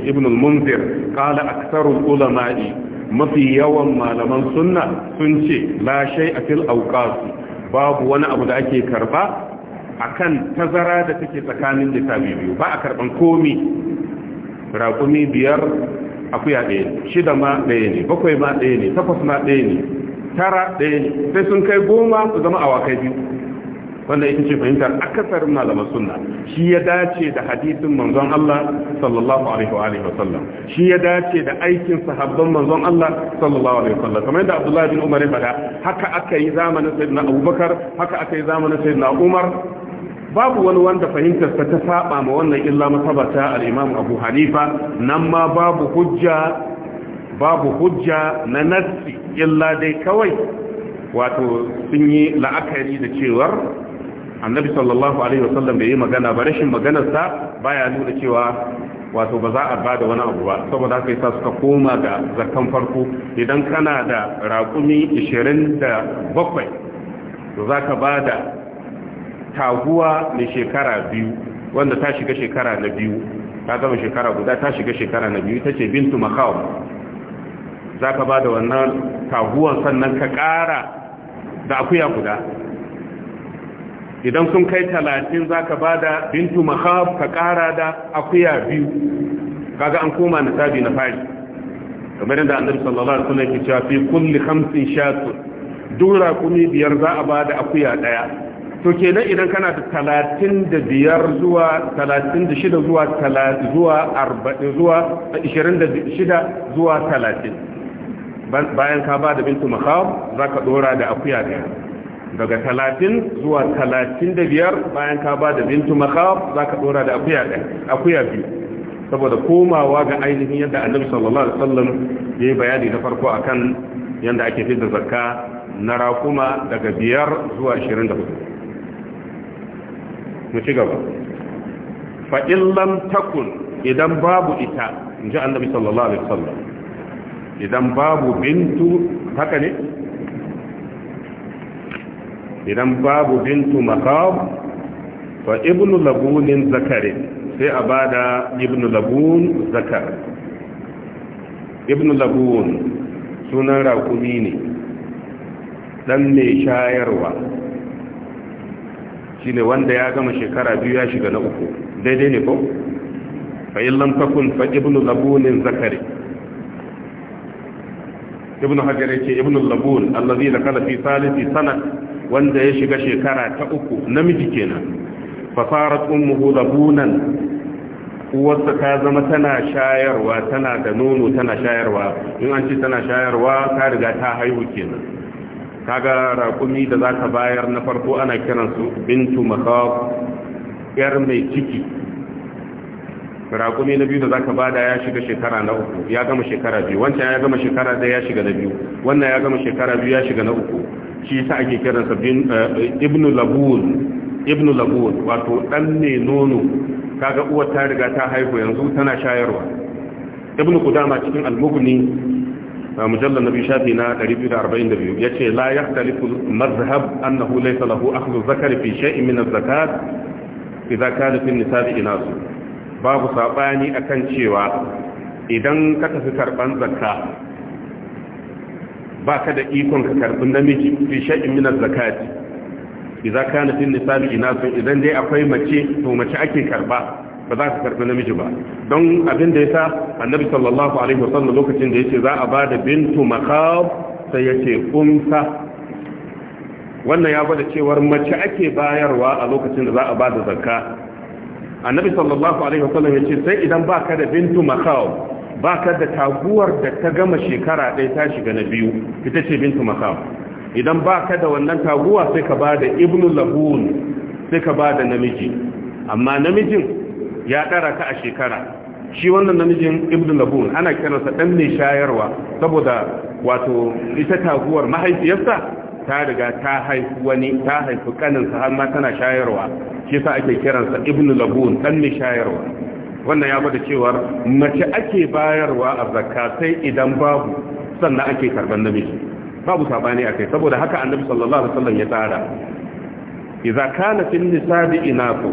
ibn munzir qala aktharu ulama'i mafi yawan malaman sunna sun ce la a fil awqas babu wani abu da ake karba kan tazara da take tsakanin littafi biyu ba a karban komi raƙumi biyar akuya ɗaya shida ma ɗaya ne bakwai ma ɗaya ne takwas ma ɗaya ne tara ɗaya ne sai sun kai goma su zama awakai biyu wanda ita ce fahimtar akasarin malaman suna. shi ya dace da hadisin manzon Allah sallallahu alaihi wa alihi shi ya dace da aikin sahabban manzon Allah sallallahu alaihi wasallam kamar yadda Abdullahi bin Umar ya faɗa haka aka yi zamanin sayyidina Abubakar haka aka yi zamanin sayyidina Umar babu wani wanda fahimtar ta ta saba ma wannan illa masabata al-Imam Abu Hanifa nan ma babu hujja babu hujja na nassi illa dai kawai wato sun yi la'akari da cewar annabi sallallahu alaihi wasallam bai yi magana ba rashin maganar maganarsa baya nuna cewa wato ba za a bada wani abu ba saboda haka yasa suka koma ga zakan farko idan kana da raƙumi 27 to za ka ba da taguwa mai shekara biyu wanda ta shiga shekara na biyu ta zama shekara guda ta shiga shekara na biyu ita ce bintu makawa za ka ba da wannan taguwan sannan ka ƙara da akuya guda idan sun kai talatin za ka ba da bintu mahab ka ƙara da akuya biyu kaga an koma na sabi na fari kamar yadda an sallallahu lalata suna ke cewa fi kulli hamsin shatu dura kumi biyar za a ba da akuya ɗaya. to kenan idan kana da talatin da biyar zuwa talatin da shida zuwa talatin zuwa arba'in zuwa ashirin da shida zuwa talatin bayan ka ba da bintu makaw za ka dora da akuya daya daga talatin zuwa talatin da biyar bayan ka ba da bintu makaw za ka dora da akuya daya akuya biyu saboda komawa ga ainihin yadda annabi sallallahu alaihi wasallam yi bayani na farko akan yadda ake da zakka na rakuma daga biyar zuwa ashirin da 24 mu ci gaba fa illam takun idan babu ita in ji annabi sallallahu alaihi wasallam idan babu bintu haka ne idan babu bintu makab fa ibnu labunin Zakare sai a bada ibnu labun zakar ibnu labun sunan rakumi ne dan mai shayarwa shine wanda ya gama shekara biyu ya shiga na uku daidai ne ko fa illam takun fa ibnu labunin Zakare. ibn hajar yake ibn labun allazi da kala fi salisi sana wanda ya shiga shekara ta uku namiji kenan fasarat ummuhu labunan uwarsa ta zama tana shayarwa tana da nono tana shayarwa in an ce tana shayarwa ta riga ta haihu kenan kaga raƙumi da za ta bayar na farko ana kiransu bintu makaf yar mai ciki raƙumi na biyu da zaka bada ya shiga shekara na uku ya gama shekara biyu wancan ya gama shekara da ya shiga na biyu wannan ya gama shekara biyu ya shiga na uku shi yasa ake kiran sa eh, ibnu labul ibnu labul wato dan ne nono kaga uwar ta riga ta haihu yanzu tana shayarwa ibnu kudama cikin al-mughni mujallal nabi shafi na 242 yace la yahtalifu mazhab annahu laysa lahu akhdhu zakari fi shay'in min az-zakat idza kana fi an-nisa'i inasu babu saɓani akan cewa idan ka tafi karɓan zakka ba ka da ikon ka karɓi namiji fi sha'in minar zakati idan ka nufin nisabi ina sun idan dai akwai mace to mace ake karɓa ba za ka karɓi namiji ba don abin da ya sa annabi sallallahu alaihi wasallam lokacin da ya ce za a ba da bintu makaw sai ya ce umsa wannan ya gwada cewar mace ake bayarwa a lokacin da za a ba da zakka annabi sallallahu alaihi wasallam ya ce sai idan ka da bintu makaw baka da taguwar da ta gama shekara ɗaya ta shiga na biyu ita ce bintu makaw idan baka da wannan taguwa sai ka ba da ibnu lahun sai ka ba da namiji amma namijin ya ɗara ka a shekara shi wannan namijin ibnu lahun ana kiransa ɗan ne shayarwa saboda wato ita taguwar mahaifiyarsa ta riga ta haifu wani ta haifu kaninsa amma tana shayarwa shi sa ake kiransa ibnu labun dan mai shayarwa wannan ya bada cewar mace ake bayarwa a zakka sai idan babu sannan ake karban namiji babu sabani akai saboda haka annabi sallallahu alaihi wasallam ya tsara idza kana fil nisabi inafu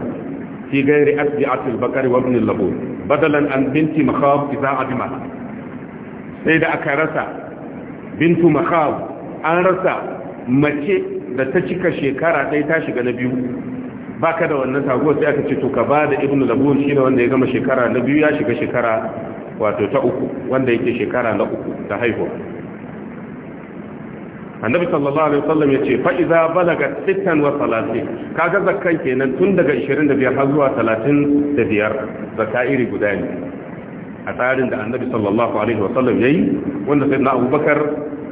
fi ghairi asbi'ati al-baqari wa ibn al-labun badalan an binti makhab idza adima sai da aka rasa bintu makhab an rasa mace da ta cika shekara ɗaya ta shiga na biyu ka da wannan taguwar sai aka ce to ka ba da ibnu labun shi ne wanda ya gama shekara na biyu ya shiga shekara wato ta uku wanda yake shekara na uku ta haihuwa annabi sallallahu alaihi wasallam yace fa idza balaga 36 kaga zakkan kenan tun daga 25 har zuwa 35 zakka iri guda ne a tsarin da annabi sallallahu alaihi wasallam yayi wanda sai na abubakar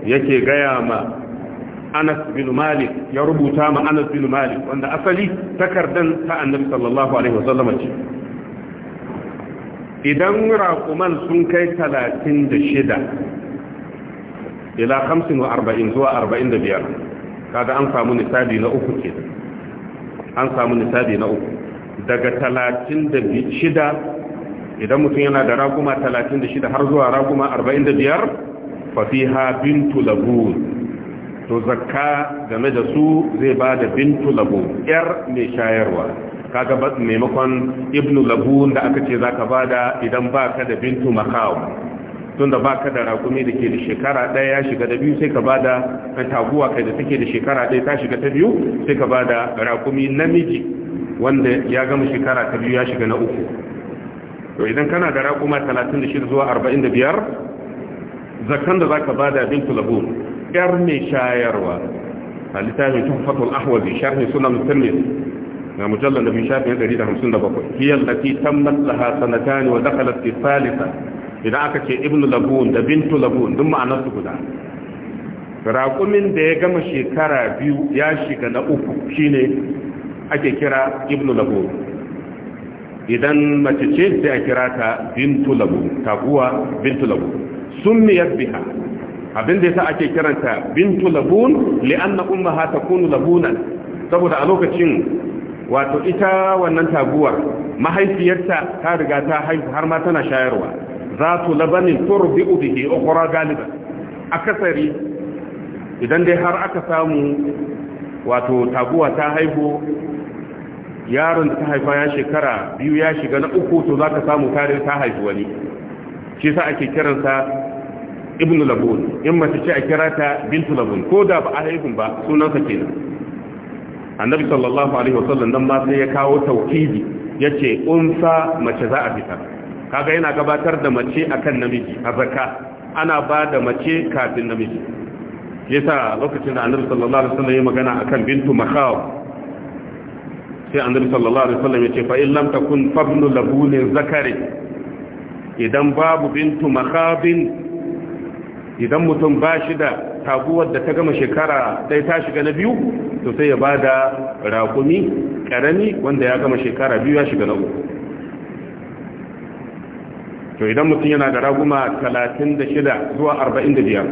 yake gaya ma anas bin malik ya rubuta ma anas bin malik wanda asali takardan ta annabi sallallahu alaihi wasallam ce idan raƙuman sun kai talatin da shida ila hamsin wa arba'in zuwa arba'in da biyar kada an samu nisabi na uku ke an samu nisabi na uku daga talatin da shida idan mutum yana da raƙuma talatin da shida har zuwa raƙuma arba'in da biyar fafiha bintu labun to zakka game da su zai ba da bintu labu yar mai shayarwa kaga ba maimakon ibnu labu da aka ce zaka ba da idan ba ka da bintu makawo tunda ba ka da rakumi da ke da shekara ɗaya ya shiga da biyu sai ka ba da taguwa kai da take da shekara ɗaya ta shiga ta biyu sai ka ba da rakumi namiji wanda ya gama shekara ta biyu ya shiga na uku to idan kana da rakuma 36 zuwa 45 zakkan da zaka ba da bintu labu yar mai shayarwa a littafin tuhfatul ahwazi sharhi sunan tirmidhi na mujallal da shafin 157 hiya allati tammat laha sanatan wa dakhalat fi thalitha idan aka ce ibnu labun da bintu labun duk ma'anar su guda raƙumin da ya gama shekara biyu ya shiga na uku shine ake kira ibnu labun idan mace ce sai a kira ta bintu labun taguwa bintu labun summiyat biha abin da yasa ake kiranta bintu labun li'anna ummaha kunu Labuna saboda a lokacin wato ita wannan taguwar mahaifiyarta ta riga ta haihu har ma tana shayarwa zatu labanin turbi'u ubihi ukhra galiba akasari idan dai har aka samu wato taguwa ta haihu yaron ta haifa ya shekara biyu ya shiga na uku to zaka samu tare ta haifu wani shi sa ake kiransa ibnu labun in mace ce a kira ta bintu labun ko da ba a haihun ba sunansa kenan annabi sallallahu alaihi wa sallam nan ma sai ya kawo tauhidi yace unsa mace za a fita kaga yana gabatar da mace akan namiji a zakka ana ba da mace kafin namiji yasa lokacin da annabi sallallahu alaihi wasallam ya magana akan bintu makhaw sai annabi sallallahu alaihi wasallam yace fa in lam takun fabnu labun zakari idan babu bintu makhabin idan mutum ba shi da taguwar da ta gama shekara ɗaya ta shiga na biyu to sai ya ba da rakumi ƙarami wanda ya gama shekara biyu ya shiga na uku to idan mutum yana da raguma talatin da shida zuwa arba'in da biyar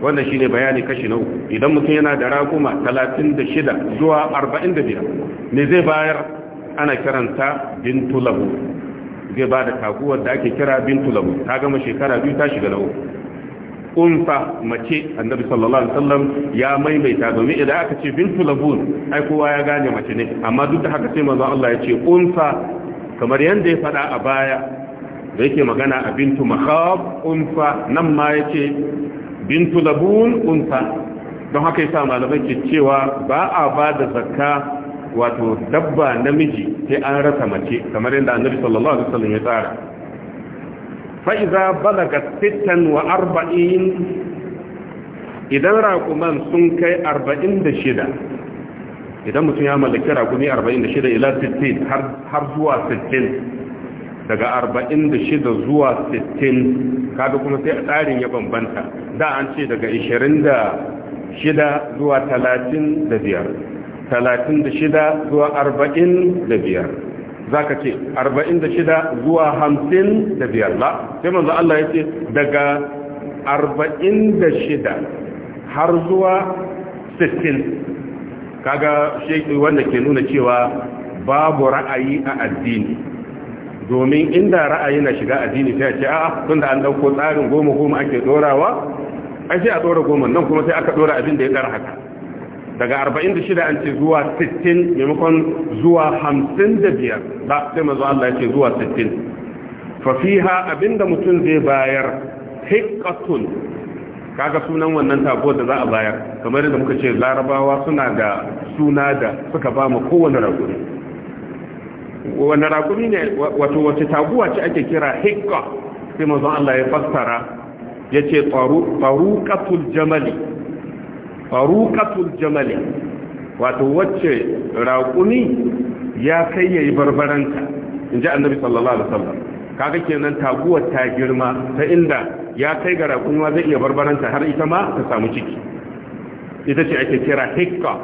wannan shine bayani kashi na uku idan mutum yana da raguma talatin da shida zuwa arba'in da biyar ne zai bayar ana kiranta bintu Labu? zai ba da taguwar da ake kira bintu Labu? ta gama shekara biyu ta shiga na uku unfa mace annabi sallallahu alaihi wasallam ya maimaita domin idan aka ce bintu labun ai kowa ya gane mace ne amma duk da haka sai manzo Allah ya ce unsa kamar yanda ya faɗa a baya da yake magana a bintu makhab unsa nan ma yace bintu labun unsa don haka yasa malamai ke cewa ba a ba da zakka wato dabba namiji sai an rasa mace kamar yadda annabi sallallahu alaihi wasallam ya tsara fa'iza balaga sittan wa arba'in idan raƙuman sun kai arba'in da shida idan mutum ya mallaki raƙumi arba'in da shida ila sittin har zuwa sittin daga arba'in da shida zuwa sittin kada kuma sai a tsarin ya bambanta da an ce daga ishirin da shida zuwa talatin da biyar talatin da shida zuwa arba'in da biyar za ka ce 46 zuwa da biyar la sai manzo Allah ya ce daga 46 har zuwa 60 kaga shi wanda ke nuna cewa babu ra'ayi a addini domin inda ra'ayi na shiga addini sai a ce a'a tunda an dauko tsarin goma goma ake dorawa ai sai a dora goma nan kuma sai aka dora abin da ya dara haka daga 46 an ce zuwa 60 maimakon zuwa 55 ba sai mazu Allah ya ce zuwa 60 fafiha abinda mutum zai bayar hikatun kaga sunan wannan tabo da za a bayar kamar yadda muka ce larabawa suna da suna da suka ba mu kowane rakumi wanda rakumi ne wato wace taguwa ce ake kira hikka sai mazu Allah ya fassara ya ce tsarukatul jamali faruqatul jamali wato wacce raƙumi ya kai yayi barbaranta ji annabi sallallahu alaihi wasallam kaga kenan taguwar ta girma ta inda ya kai ga raƙumi zai iya barbaranta har ita ma ta samu ciki ita ce ake kira hikka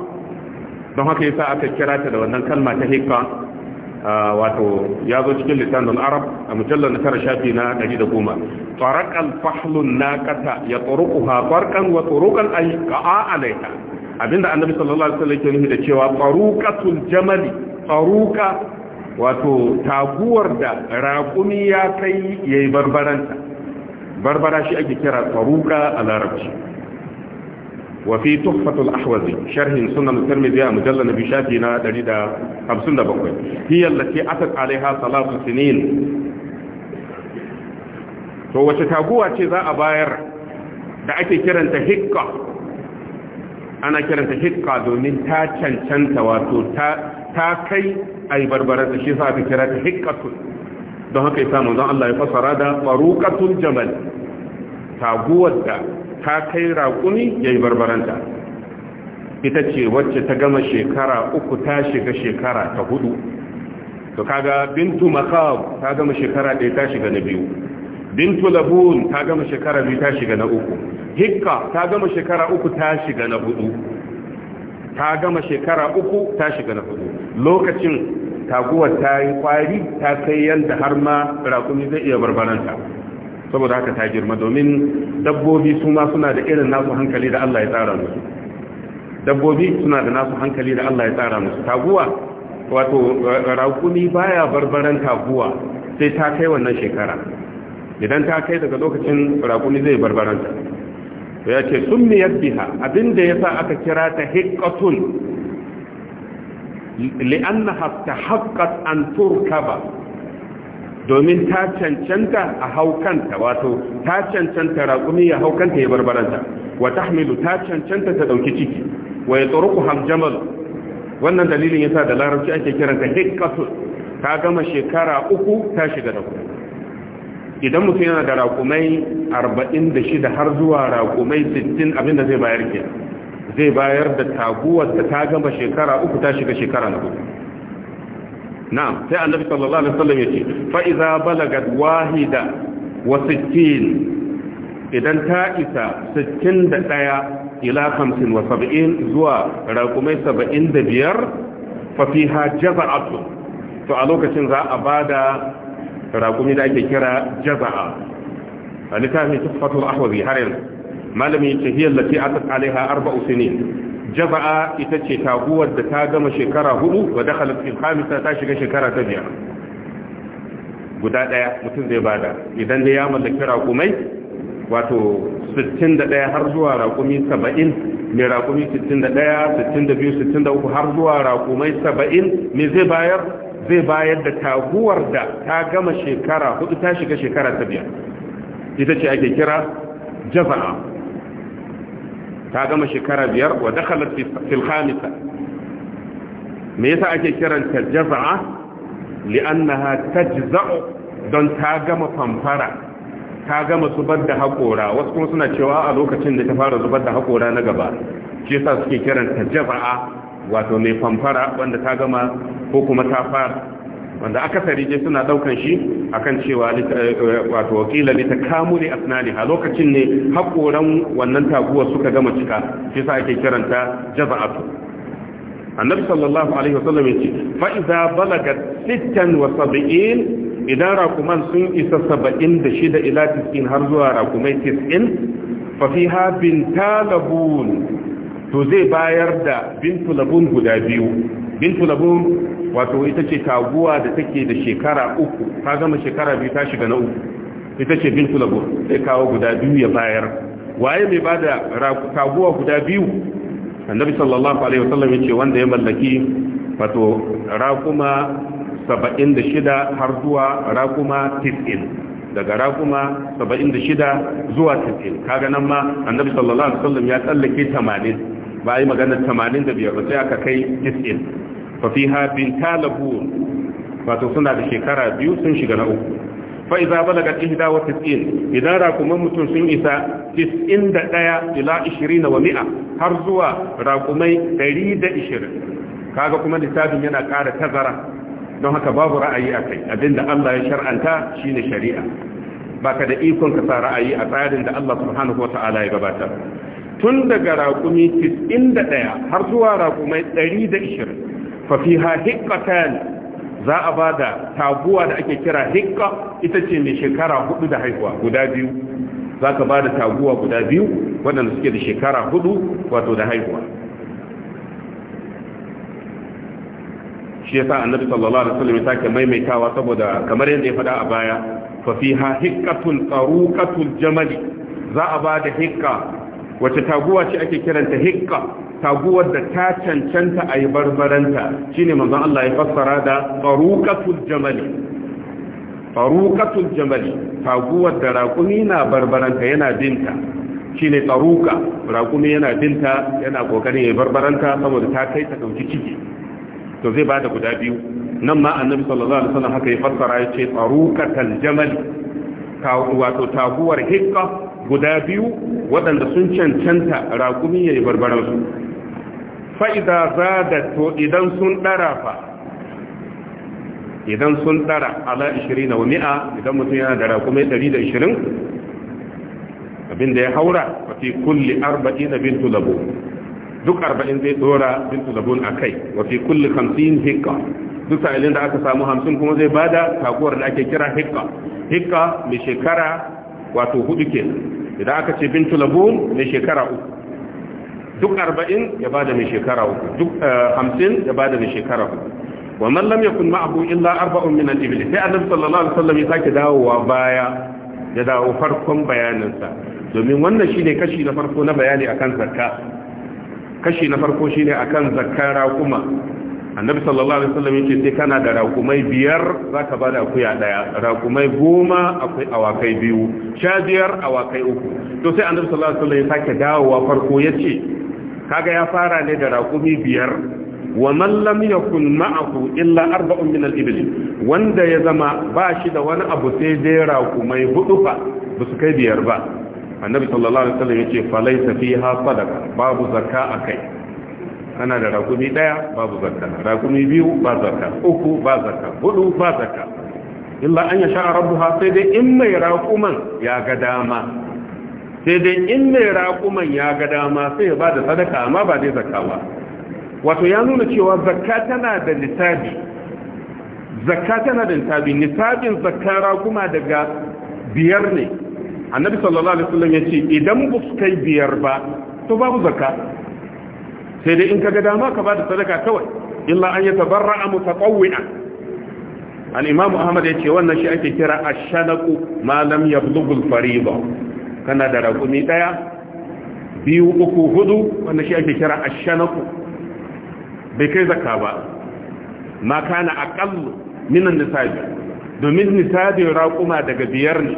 don haka yasa aka kira ta da wannan kalma ta hikka wato ya zo cikin litanul arab a mujallar na tara shafi na ɗari da goma tsarakal fahlun na ƙasa ya tsoruku ha farkan wa tsorukan ai ka'a alaika abinda annabi sallallahu alaihi wasallam ke nufi da cewa tsarukatul jamali tsaruka wato taguwar da raƙumi ya kai yayi barbaranta barbara shi ake kira tsaruka a larabci wa fi tuhfatul ahwazi sharhin sunan tirmidhi a mujallal bi shafi na 157 hiya allati atat alaiha salatu sinin to wace taguwa ce za a bayar da ake kiranta hikka ana kiranta hikka domin ta cancanta wato ta kai a yi barbarar da shi sa aka kira ta hikkatun don haka yi samun zan Allah ya fasara da farukatun jamal taguwar da ta kai raƙumi ya yi barbaranta ita ce wacce ta gama shekara uku ta shiga shekara ta hudu to kaga bintu makaw ta gama shekara ɗaya ta shiga na biyu bintu labun ta gama shekara biyu ta shiga na uku hikka ta gama shekara uku ta shiga na hudu ta gama shekara uku ta shiga na hudu lokacin taguwar ta yi kwari ta kai yadda har ma raƙumi zai iya barbaranta saboda haka ta girma domin dabbobi su ma suna da irin nasu hankali da Allah ya tsara musu dabbobi suna da nasu hankali da Allah ya tsara musu taguwa wato raƙumi baya barbaran taguwa sai ta kai wannan shekara idan ta kai daga lokacin raƙumi zai barbaranta to ya ce sun miyar biha abinda ya sa aka kira ta hikatun li'annaha ta haƙƙat an turkaba domin ta cancanta a haukanta wato ta cancanta raƙumi ya haukanta ya barbaranta wa tahmilu ta cancanta ta ɗauki ciki wa ya tsoro hamjamal wannan dalilin yasa da larabci ake kiranta hikkatu ta gama shekara uku ta shiga da kuma idan mutum yana da raƙumai arba'in da shida, har zuwa raƙumai sittin abinda zai bayar ke zai bayar da taguwar da ta gama shekara uku ta shiga shekara na hudu na'am sai annabi sallallahu alaihi wasallam yace fa iza balagat wahida wa 60 idan ta isa 61 ila 50 wa 70 zuwa raqumai 75 fa fiha jaza'atu to a lokacin za a bada raqumi da ake kira jaza'a a littafin tufatul ahwazi har yanzu malami yace hiya allati atat alaiha arba'u sinin jaba'a ita ce taguwar da ta gama shekara hudu ba da fil khamisa ta shiga shekara ta biyar guda daya mutum zai bada idan da ya mallaki raƙumai wato 61 har zuwa raƙumi 70 mai raƙumi 61 62 63 har zuwa raƙumai 70 me zai bayar zai bayar da taguwar da ta gama shekara hudu ta shiga shekara ta biyar ita ce ake kira jaba'a ta gama shekara biyar wa dakhalat fil khamisa me yasa ake kiranta jaza'a li'annaha tajza'u don ta gama famfara ta gama zubar da hakora wasu kuma suna cewa a lokacin da ta fara zubar da haƙora na gaba shi yasa suke kiranta jaza'a wato mai famfara wanda ta gama ko kuma ta fara wanda aka dai suna daukan shi akan cewa eh, eh, wato wakila ne ta kamu ne asnani a lokacin ne haƙoran wannan taguwa suka gama cika shi sa ake kiranta jaza'atu annabi sallallahu alaihi wasallam yace fa idza balagat 76 idan rakuman sun isa saba'in da shida ila tis'in har zuwa rakumai tis'in Fafiha ha binta to zai bayar da bintu guda biyu bintu labun wato ita ce taguwa da take da shekara uku ta gama shekara biyu ta shiga na uku ita ce bintu labun sai kawo guda biyu ya bayar waye mai ba da taguwa guda biyu annabi sallallahu alaihi wasallam ya ce wanda ya mallaki wato rakuma saba'in da shida har zuwa rakuma tis'in daga rakuma saba'in da shida zuwa tis'in kaga nan ma annabi sallallahu alaihi wasallam ya tsallake tamanin ba a yi maganar 85 ba sai aka kai 90 fa fi hafin talabu wato suna da shekara biyu sun shiga na uku fa iza balaga 91 idan rakuman mutum sun isa 91 ila 20 wa mi'a har zuwa rakumai 120 kaga kuma littafin yana ƙara tazara don haka babu ra'ayi a kai abinda Allah ya shar'anta shine shari'a baka da ikon ka sa ra'ayi a tsarin da Allah subhanahu wata'ala ya gabatar tun daga raƙumi 91 har zuwa raƙumai 120 fafi ha hikatan za a ba da taguwa da ake kira hikka ita ce mai shekara hudu da haihuwa guda biyu za ka ba da taguwa guda biyu waɗanda suke da shekara hudu wato da haihuwa shi ya sa annabi sallallahu alaihi wasallam ya sake maimaitawa saboda kamar yadda ya faɗa a baya fafiha hikatun hiqqatul jamali za a ba da hikka wace taguwa ce ake kiranta hikka taguwar da ta cancanta a yi barbaranta shine manzon Allah ya fassara da faruqatul jamali faruqatul jamali taguwar da rakumi na barbaranta yana binta shine tsaruka Rakumi yana binta yana kokarin ya yi barbaranta saboda ta kai ta ɗauki ciki to zai bada guda biyu nan ma annabi sallallahu alaihi wasallam haka ya fassara ya ce tsarukatul jamali wato taguwar hikka guda biyu waɗanda sun cancanta raƙumi ya yi barbaransu fa’ida za da to idan sun ɗara fa idan sun ɗara ala 20 na a idan mutum yana da raƙumi 120 abinda ya haura wafi kulli 40 na bintu labo duk 40 zai tsora bintu labo a kai wafi kulli 50 hikka duk sa'ilin da aka samu 50 kuma zai bada taguwar da ake kira hikka hikka mai shekara wato hudu kenan idan aka ce bintu labun mai shekara uku duk arba'in ya bada mai shekara uku duk eh, hamsin ya bada mai shekara uku wa man ya yakun ma'ahu illa arba'un min al-ibil sai annabi sallallahu alaihi wasallam ya sake dawowa baya ya dawo farkon bayaninsa domin wannan shine kashi na farko na bayani akan zakka kashi na farko shine akan zakkara kuma annabi sallallahu alaihi wasallam yake sai kana da rakumai biyar zaka ba da akuya daya raƙumai goma akwai awakai biyu sha biyar awakai uku to sai annabi sallallahu alaihi wasallam ya sake dawowa farko yace kaga ya fara ne da rakumi biyar wa man lam yakun ma'ahu illa arba'un min al-ibli wanda ya zama ba shi da wani abu sai dai rakumai hudu fa ba su kai biyar ba annabi sallallahu alaihi wasallam yace falaysa fiha sadaqa babu zakka akai ana da rakumi daya babu zakka rakumi biyu ba zakka uku ba zakka hudu ba zakka illa an yasha rabbuha sai dai in mai rakuman ya ga dama sai dai in mai rakuman ya ga dama sai ya ba da sadaka amma ba dai zakka ba wato ya nuna cewa zakka tana da nisabi zakka tana da nisabi nisabin zakka rakuma daga biyar ne annabi sallallahu alaihi wasallam ya ce idan ba su kai biyar ba to babu zakka sai dai in kaga dama ka ba da sadaka kawai illa an yatabarra'a mutaqawwi'an al Muhammad ya ce wannan shi ake kira ash shanaku Malam lam yablughu fariba kana da rakumi ɗaya, biyu uku hudu wannan shi ake kira ash shanaku bai kai zakka ba ma kana aqall min an-nisabi domin nisabin raƙuma daga biyar ne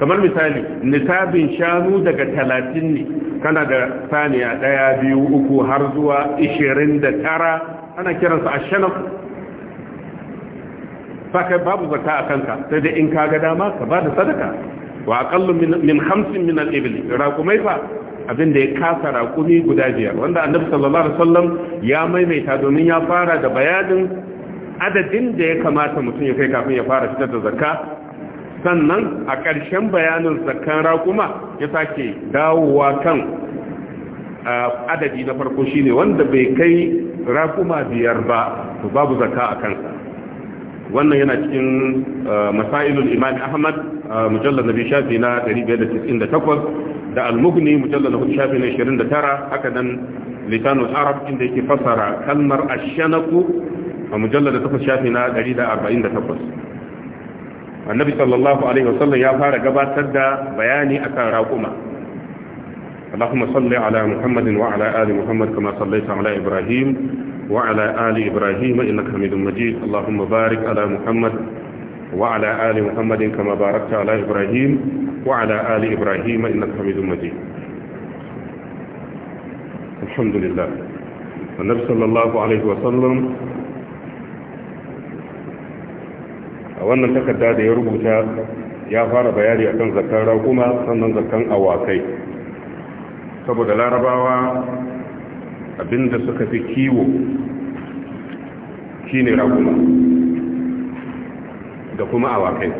kamar misali nisabin shanu daga talatin ne kana da saniya ɗaya biyu uku har zuwa ishirin da tara ana kiransa a shanaf saka babu zaka a kanka sai dai in kaga dama ka ba da sadaka wa aqallu min hamsin min al-ibli raqumai abin da ya kasa raƙumi guda biyar wanda annabi sallallahu alaihi ya maimaita domin ya fara da bayanin adadin da ya kamata mutum ya kai kafin ya fara fitar da zakka sannan a ƙarshen bayanin zakkan raƙuma ya sake dawowa kan adadi na farko shine wanda bai kai raƙuma biyar ba to babu zakka a kansa wannan yana cikin masailul imam ahmad mujallar nabi shafi na 598 da al-mughni mujallar nabi shafi na 29 haka nan lisanul arab inda yake fasara kalmar ashanaku a mujallar da ta shafi na 148 annabi sallallahu alaihi wasallam ya fara gabatar da bayani akan raƙuma اللهم صل على محمد وعلى آل محمد كما صليت على إبراهيم وعلى آل إبراهيم إنك حميد مجيد اللهم بارك على محمد وعلى آل محمد كما باركت على إبراهيم وعلى آل إبراهيم إنك حميد مجيد الحمد لله النبي صلى الله عليه وسلم a wannan takarda da ya rubuta ya fara bayani akan zakkan raguma sannan zakkan awakai saboda larabawa abinda suka fi kiwo shine raguma da kuma awakai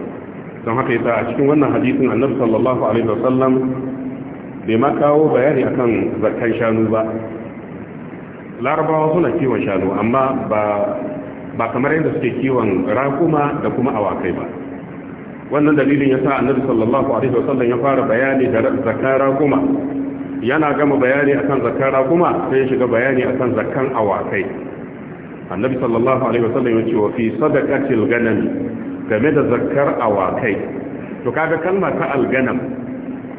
don haka yasa a cikin wannan hadisin annabi sallallahu alaihi wasallam bai ma kawo bayani akan zakkan shanu ba larabawa suna kiwon shanu amma ba ba kamar yadda suke kiwon rakuma da kuma awakai ba wannan dalilin ya sa annabi sallallahu alaihi wasallam ya fara bayani da zakkan rakuma yana gama bayani akan zakkan rakuma sai ya shiga bayani akan zakkan awakai annabi sallallahu alaihi wasallam ya ce wa fi sadaqatil ganam game da zakkar awakai to kaga kalma ta alganam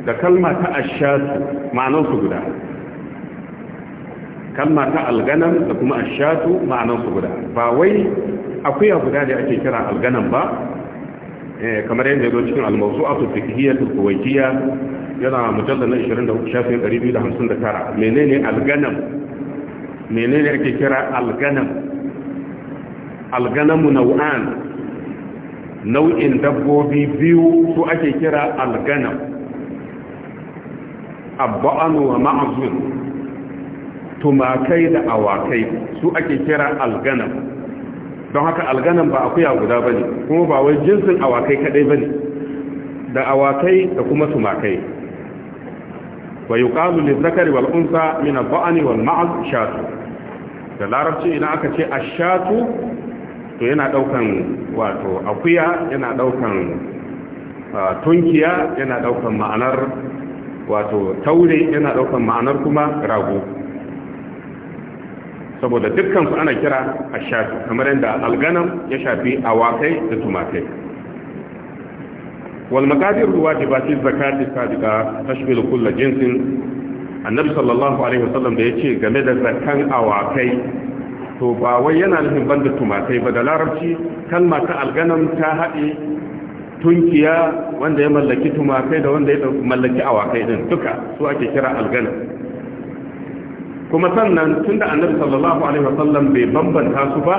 da kalma ta ashatu ma'anar su guda kalma ta alganan da kuma ashatu ma'anan su guda ba wai akuya guda da ake kira alganan ba eh, kamar yadda yazo cikin al-mawsu'atu fiqhiyyatu kuwaitiyya yana mujallal na 23 shafin 259 menene alganan? menene ake kira alganam alganamu nau'an nau'in dabbobi biyu su ake kira alganam abba'anu wa ma'azun tumakai da awakai su ake kira alganam don haka alganam ba akuya guda ba kuma ba wai jinsin awakai kadai ba da awakai da kuma tumakai wa yi ne zakari wal'unsa mina ba'ani wal ma'az shatu da larabci ina aka ce a shatu to yana ɗaukan wato akuya yana ɗaukan tunkiya yana ɗaukan ma'anar wato taure yana ɗaukan ma'anar kuma rago saboda dukkan su ana kira a shafi kamar yadda alganam ya shafi awakai da tumakai wal maqadir wajibati zakati sadiqa tashmil kull jinsin annabi sallallahu alaihi wasallam da yace game da zakan awakai to ba wai yana nufin banda tumakai ba da larabci kalma ta alganam ta haɗe tunkiya wanda ya mallaki tumakai da wanda ya mallaki awakai din duka su ake kira alganam kuma sannan tunda annabi sallallahu alaihi wasallam bai bambanta su ba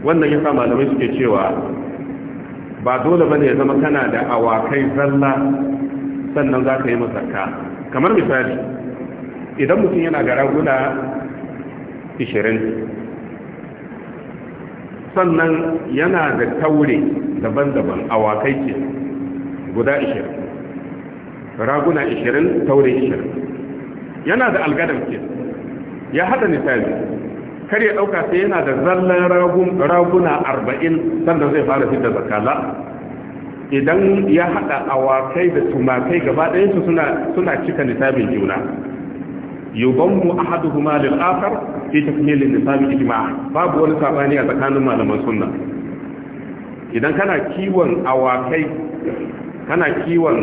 wannan yasa malamai suke cewa ba dole bane ya zama kana da awakai zalla sannan za ka yi masarka kamar misali idan mutum yana ga raguna 20 sannan yana da taure daban-daban awakai ce guda 20 raguna 20 taure 20 yana da algadam ke ya hada misali kar ya dauka sai yana da zallan ragun raguna 40 sanda zai fara fitar zakala idan ya hada awakai da tumakai gaba ɗayan su suna suna cika nisabin juna yubammu ahaduhuma lil akhar fi takmil nisabi ijma' babu wani sabani a tsakanin malaman sunna idan kana kiwon awakai kana kiwon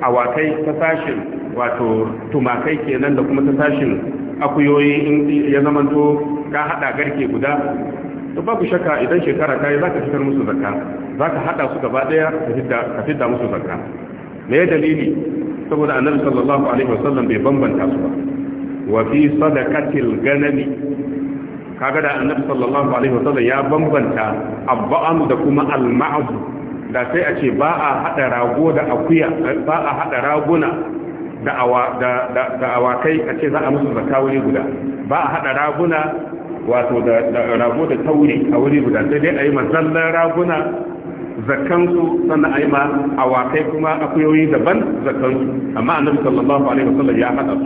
awakai ta sashin wato tumakai kenan da kuma ta sashin akuyoyi in ya zamanto ka hada garke guda to ba ku shakka idan shekara kai za ka fitar musu zakka za ka hada su gaba daya ka fitar musu zakka me ya dalili saboda annabi sallallahu alaihi wasallam bai bambanta su ba wa fi sadaqatil ganami kaga da annabi sallallahu alaihi wasallam ya bambanta abba'am da kuma al-ma'az da sai a ce ba a hada rago da akuya ba a hada raguna da awakai a ce za a musu zaka wuri guda ba a haɗa raguna wato da rago da tauri a wuri guda sai dai a yi mazallar raguna zakansu sannan a yi ma awakai kuma akuyoyi daban zakansu amma annabi sallallahu alaihi wasallam ya haɗa su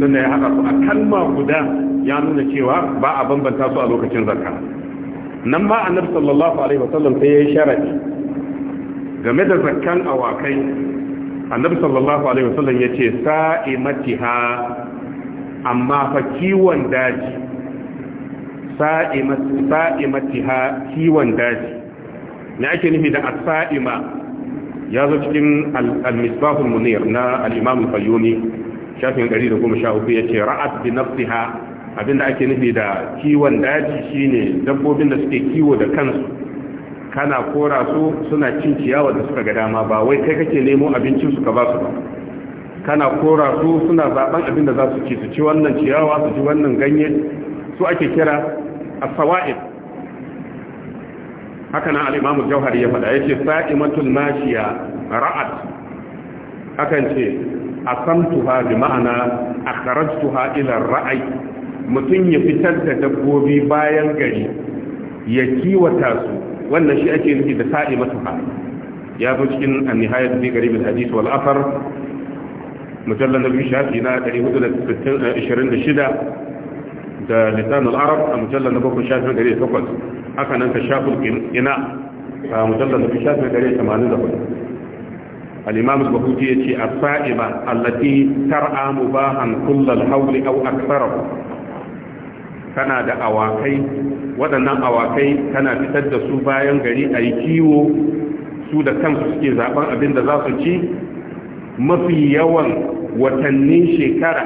sannan ya haɗa su a kalma guda ya nuna cewa ba a bambanta su a lokacin zakka nan ma annabi sallallahu alaihi wasallam sai ya yi sharadi game da zakkan awakai annabi sallallahu alaihi wasallam yace sa'imatiha amma fa kiwon daji sa'imatiha kiwon daji me ake nufi da as-sa'ima yazo cikin al-misbah al-munir na al-imam al-fayyumi shafin 113 yace ra'at bi nafsiha abinda ake nufi da kiwon daji shine dabbobin da suke kiwo da kansu kana kora su suna cin ciyawa da suka ga dama ba wai kai kake nemo abincin su ka ba su ba kana kora su suna zaben abin da za su ci su ci wannan ciyawa su ci wannan ganye su ake kira a sawa'id haka nan al'imamu jauhari ya faɗa yace sa'imatul mashiya ra'at akan ce a asamtuha bi ma'ana akhrajtuha ila ar ra'ai, mutum ya fitar da dabbobi bayan gari ya kiwata su wannan shi ake nufi da sa'i matuha ya zo cikin annihayat fi gari mai hadisu afar mujallar na biyu shafi na 426 da eh, lisanul arab a mujallar na bakwai shafi na 800 haka nan ka shafin ina a mujallar na biyu shafi na 884 الإمام البخوتي يتي الصائبة التي ترعى مباحا كل الحول أو أكثره kana da awakai waɗannan awakai kana fitar da su bayan gari a yi kiwo su da kansu suke zaɓen abin da za su ci mafi yawan watannin shekara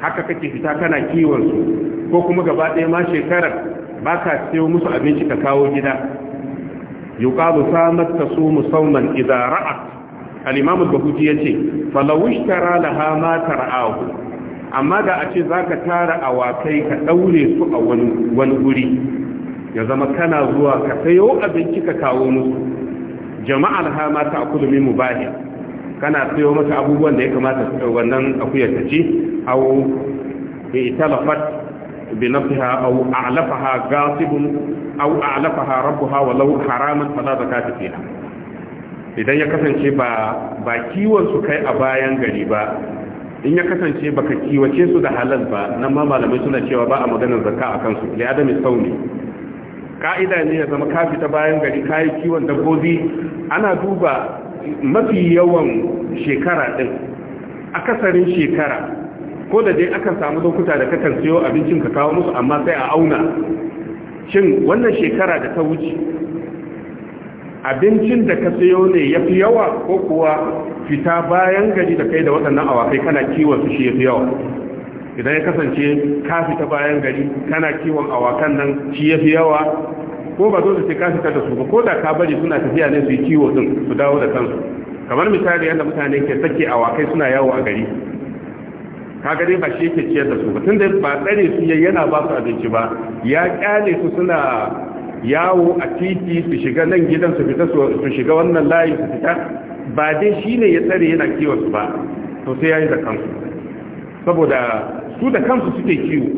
haka kake fita kana kiwonsu ko kuma gaba ɗaya ma shekarar ba ka sayo musu abinci ka kawo gida yuqalu samat tasumu sawman idza ra'at al-imam al-bahuji yace falawishtara laha ma tar'ahu amma da a ce za ka tara awakai ka ɗaure su a wani guri ya zama kana zuwa ka sayo abinci ka kawo musu jama'ar ha ta akulu min mubahi kana sayo masa abubuwan da ya kamata su wannan akuyar ta ci aw bi nafsiha aw a'lafaha gasibun aw a'lafaha rabbuha walau haraman fala zakata fiha idan ya kasance ba ba kiwon su kai a bayan gari ba in ya kasance baka kiwace su da halal ba nan ma malamai suna cewa ba a maganar zakka a kansu li adami sauni ka'ida ne ya zama ka fita bayan gari kayi kiwon dabbobi ana duba mafi yawan shekara din akasarin shekara ko da dai aka samu lokuta da kakan siyo abincin ka kawo musu amma sai a auna shin wannan shekara da ta wuce abincin da ka sayo ne ya fi yawa ko kuwa fita bayan gari da kai da waɗannan awakai kana kiwon su shi ya fi yawa idan ya kasance ka fita bayan gari kana kiwon awakan nan shi ya fi yawa ko ba zo da ce ka fita da su ba ko da ka bari suna tafiya ne su yi kiwo din su dawo da kansu kamar misali yadda mutane ke sake awakai suna yawo a gari Ka gani ba shi yake ciyar da su ba tunda ba tsare su yana ba su abinci ba ya kyale su suna yawo a titi su shiga nan gidan su fita su shiga wannan layi su fita ba dai shi ne ya tsare yana kiwonsu ba to sai ya yi da kansu saboda su da kansu suke kiwo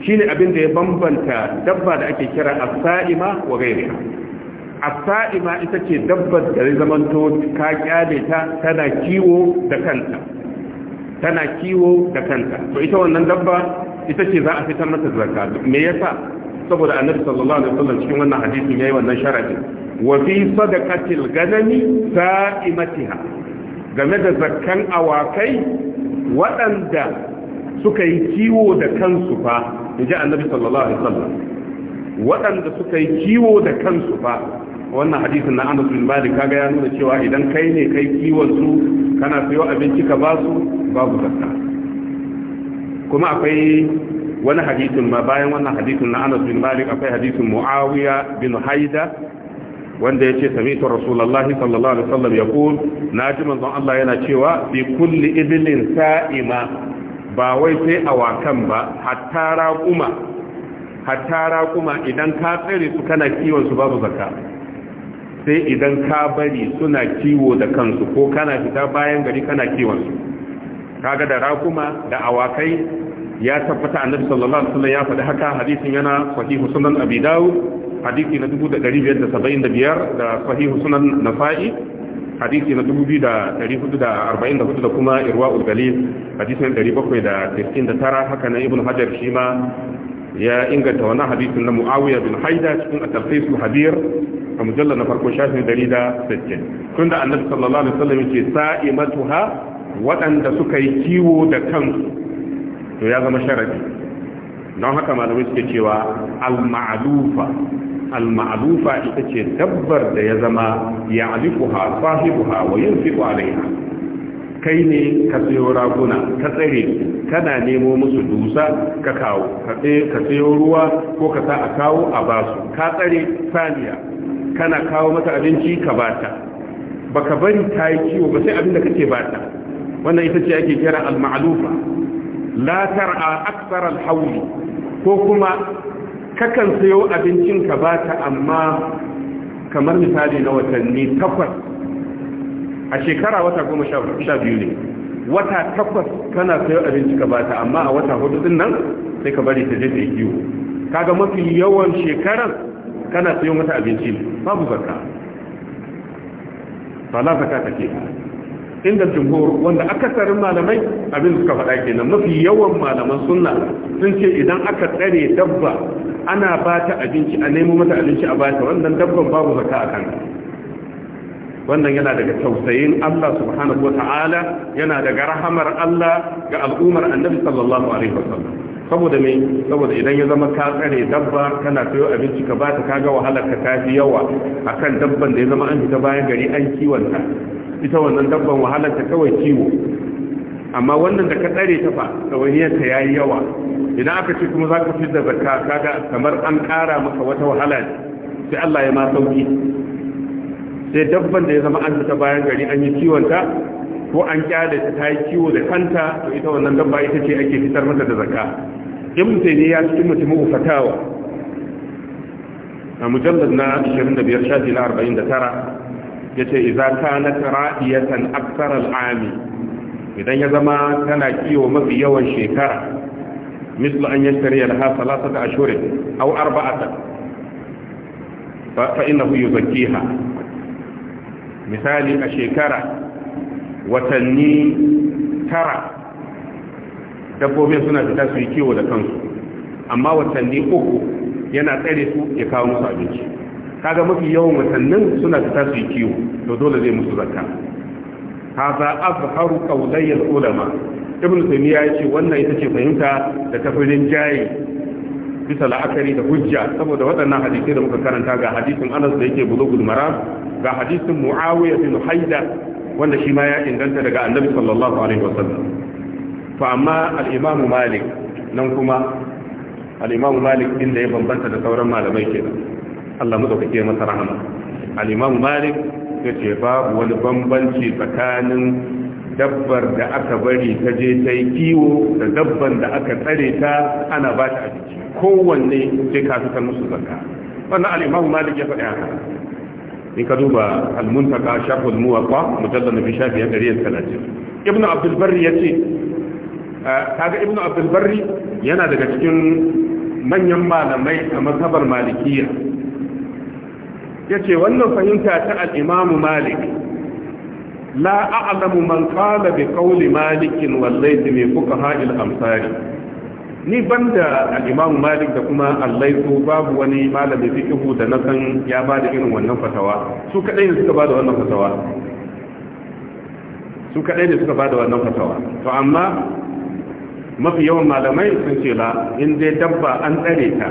shi ne abin da ya bambanta dabba da ake kira asa'ima wa a asa'ima ita ce dabbar da ya to ka kyale ta tana kiwo da kanta tana kiwo da kanta to ita wannan dabba ita ce za a fitar mata zarka me yasa saboda annabi sallallahu alaihi wasallam cikin wannan hadisin yayi wannan sharadi wa fi sadaqatil ganami sa'imatiha game da zakkan awakai waɗanda suka yi kiwo da kansu fa inji annabi sallallahu alaihi wasallam waɗanda suka yi kiwo da kansu fa wannan hadisin na Anas bin Malik kaga ya nuna cewa idan kai ne kai kiwon su kana sayo abinci ka ba su babu zakka kuma akwai wani hadisin ma bayan wannan hadisin na Anas bin Malik akwai hadisin Muawiya bin Haida wanda yace sami'tu Rasulullahi sallallahu alaihi wasallam yaqul naji manzon Allah yana cewa bi kulli iblin sa'ima ba wai sai awakan ba hatta raquma hatta raquma idan ka tsare su kana kiwon su babu zakka sai idan ka bari suna kiwo da kansu ko kana fita bayan gari kana kiwon su kaga da raquma da awakai ya tabbata annabi sallallahu alaihi wasallam ya faɗi haka hadisin yana sahihu sunan abi dawud hadisi na 1575 da sahihu sunan nasa'i hadisi na 2444 da kuma irwaul galil hadisi na 799 haka na ibn hajar shi ma ya inganta wannan hadisin na muawiya bin haida cikin at-tafsir al-hadir a mujallal na farko shafin 160 tunda annabi sallallahu alaihi wasallam yake sa'imatuha waɗanda suka yi kiwo da kansu to ya zama sharadi don haka malamai suke cewa al maalufa al maalufa ita ce dabbar da ya zama ya alifuha sahibuha wa yunfiqu alaiha kai ne ka sayo raguna ka tsare kana nemo musu dusa ka kawo ka sayo ruwa ko ka sa a kawo a su. ka tsare saniya kana kawo mata abinci ka bata baka bari ta yi kiwo ba sai abin da kake ta. wannan ita ce ake kira al maalufa la tar'a aksar alhawli ko kuma kakan sayo abincin ka bata amma kamar misali na watanni takwas a shekara wata goma sha biyu ne wata takwas kana sayo abinci ka bata amma a wata hudu din nan sai ka bari ta je ta yi kaga mafi yawan shekaran kana sayo mata abinci babu zakka ba la ke take inda jumhur wanda akasarin malamai abin suka faɗa kenan mafi yawan malaman sunna sun ce idan aka tsare dabba ana ba ta abinci a nemo mata abinci a bata wannan dabban babu zaka a kan wannan yana daga tausayin Allah subhanahu wata'ala yana daga rahamar Allah ga al'ummar annabi sallallahu alaihi wasallam saboda me saboda idan ya zama ka tsare dabba kana sayo abinci ka bata kaga wahalar ka tafi yawa akan dabban da ya zama an fita bayan gari an kiwanta ita wannan dabban wahalar ta kawai kiwo amma wannan da ka tsare ta fa tsawaniyar ta yayi yawa idan aka ce kuma zaka fitar da zakka kaga kamar an kara maka wata wahala sai Allah ya ma sauki sai dabban da ya zama an ta bayan gari an yi kiwon ta ko an kyale ta ta yi kiwo da kanta to ita wannan dabba ita ce ake fitar mata da zakka ibn ne ya cikin mutumin fatawa a mujallar na 25 shafi na 49 Ya ce idza kanat ra'iyatan aktsara al'ami idan ya zama tana kiwo mafi yawan shekara mislu an yashtari laha salasata ashhurin aw arba'ata fa innahu yuzakkiha misali a shekara watanni tara dabbobin suna fita su yi kiwo da kansu amma watanni uku yana tsare su ya kawo musu abinci kaga mafi yawan watannin suna fita su yi kiwo to dole zai musu zakka haza azharu qawlayil ulama ibn taymiya ce wannan ita ce fahimta da tafirin jayi bisa la'akari da hujja saboda waɗannan hadisai da muka karanta ga hadisin Anas da yake bulugul maram ga hadisin Muawiya bin Haida wanda shi ma ya inganta daga Annabi sallallahu alaihi wasallam fa amma al-Imam Malik nan kuma al-Imam Malik inda ya bambanta da sauran malamai kenan Allah madaukake masa rahama al-imam malik yace babu wani bambanci tsakanin dabbar da aka bari ta je ta yi kiwo da dabban da aka tsare ta ana ba ta abinci kowanne sai ka fitar musu zakka wannan al-imam malik ya faɗi haka in ka duba al-muntaka shaful muwaffa mujallal nabi shafi 130 ibnu abdul barri yace ah, kaga ibnu abdul barri yana daga cikin manyan malamai a mazhabar malikiya Ya ce wannan fahimta ta al'imamu imam malik la a'lamu man qala bi qawli malik wal layth kuka fuqaha al-amsari ni ban da al'imamu malik da kuma al-layth babu wani malami fiqhu da na san ya ba da irin wannan fatawa su kaɗai ne suka ba da wannan fatawa su kadai ne suka ba da wannan fatawa to amma mafi yawan malamai sun ce la in dai dabba an tsare ta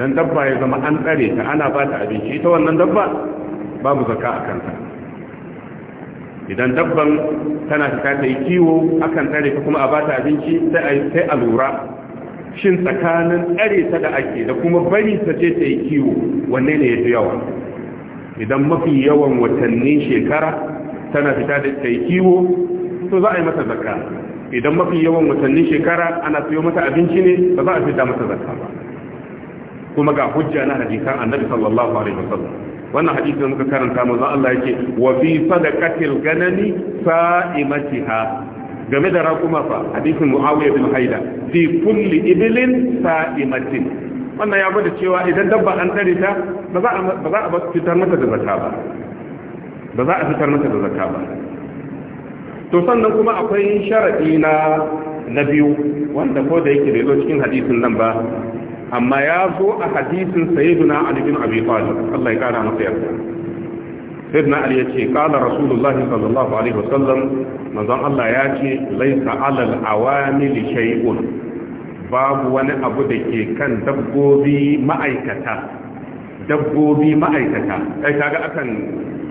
idan dabba ya zama an tsare ta ana ba ta abinci ta wannan dabba babu zaka a kanta idan dabban tana fita ta yi kiwo akan tsare ta kuma a ba ta abinci sai a lura shin tsakanin tsare ta da ake da kuma bari ta je ta yi kiwo wanne ne ya fi yawa idan mafi yawan watannin shekara tana fita da ta yi kiwo to za a yi mata zakka idan mafi yawan watannin shekara ana siyo mata abinci ne ba za a fita mata zakka ba kuma ga hujja na hadisan annabi sallallahu alaihi wasallam wannan hadisi muka karanta manzo Allah yake wa fi sadaqatil ganami sa'imatiha game da raquma fa hadisin muawiya bin haida fi kulli iblin sa'imatin wannan ya gwada cewa idan dabba an tare ta ba za a ba fitar mata da zakka ba ba za a fitar mata da zakka ba to sannan kuma akwai sharadi na na biyu wanda ko da yake da zo cikin hadisin nan ba amma ya zo a hadisin sayyiduna Ali bin Abi Talib Allah ya kara masa yarda sayyiduna Ali ya ce qala rasulullah sallallahu alaihi wasallam manzon Allah ya ce laisa alal li shay'un babu wani abu da ke kan dabbobi ma'aikata dabbobi ma'aikata kai kaga akan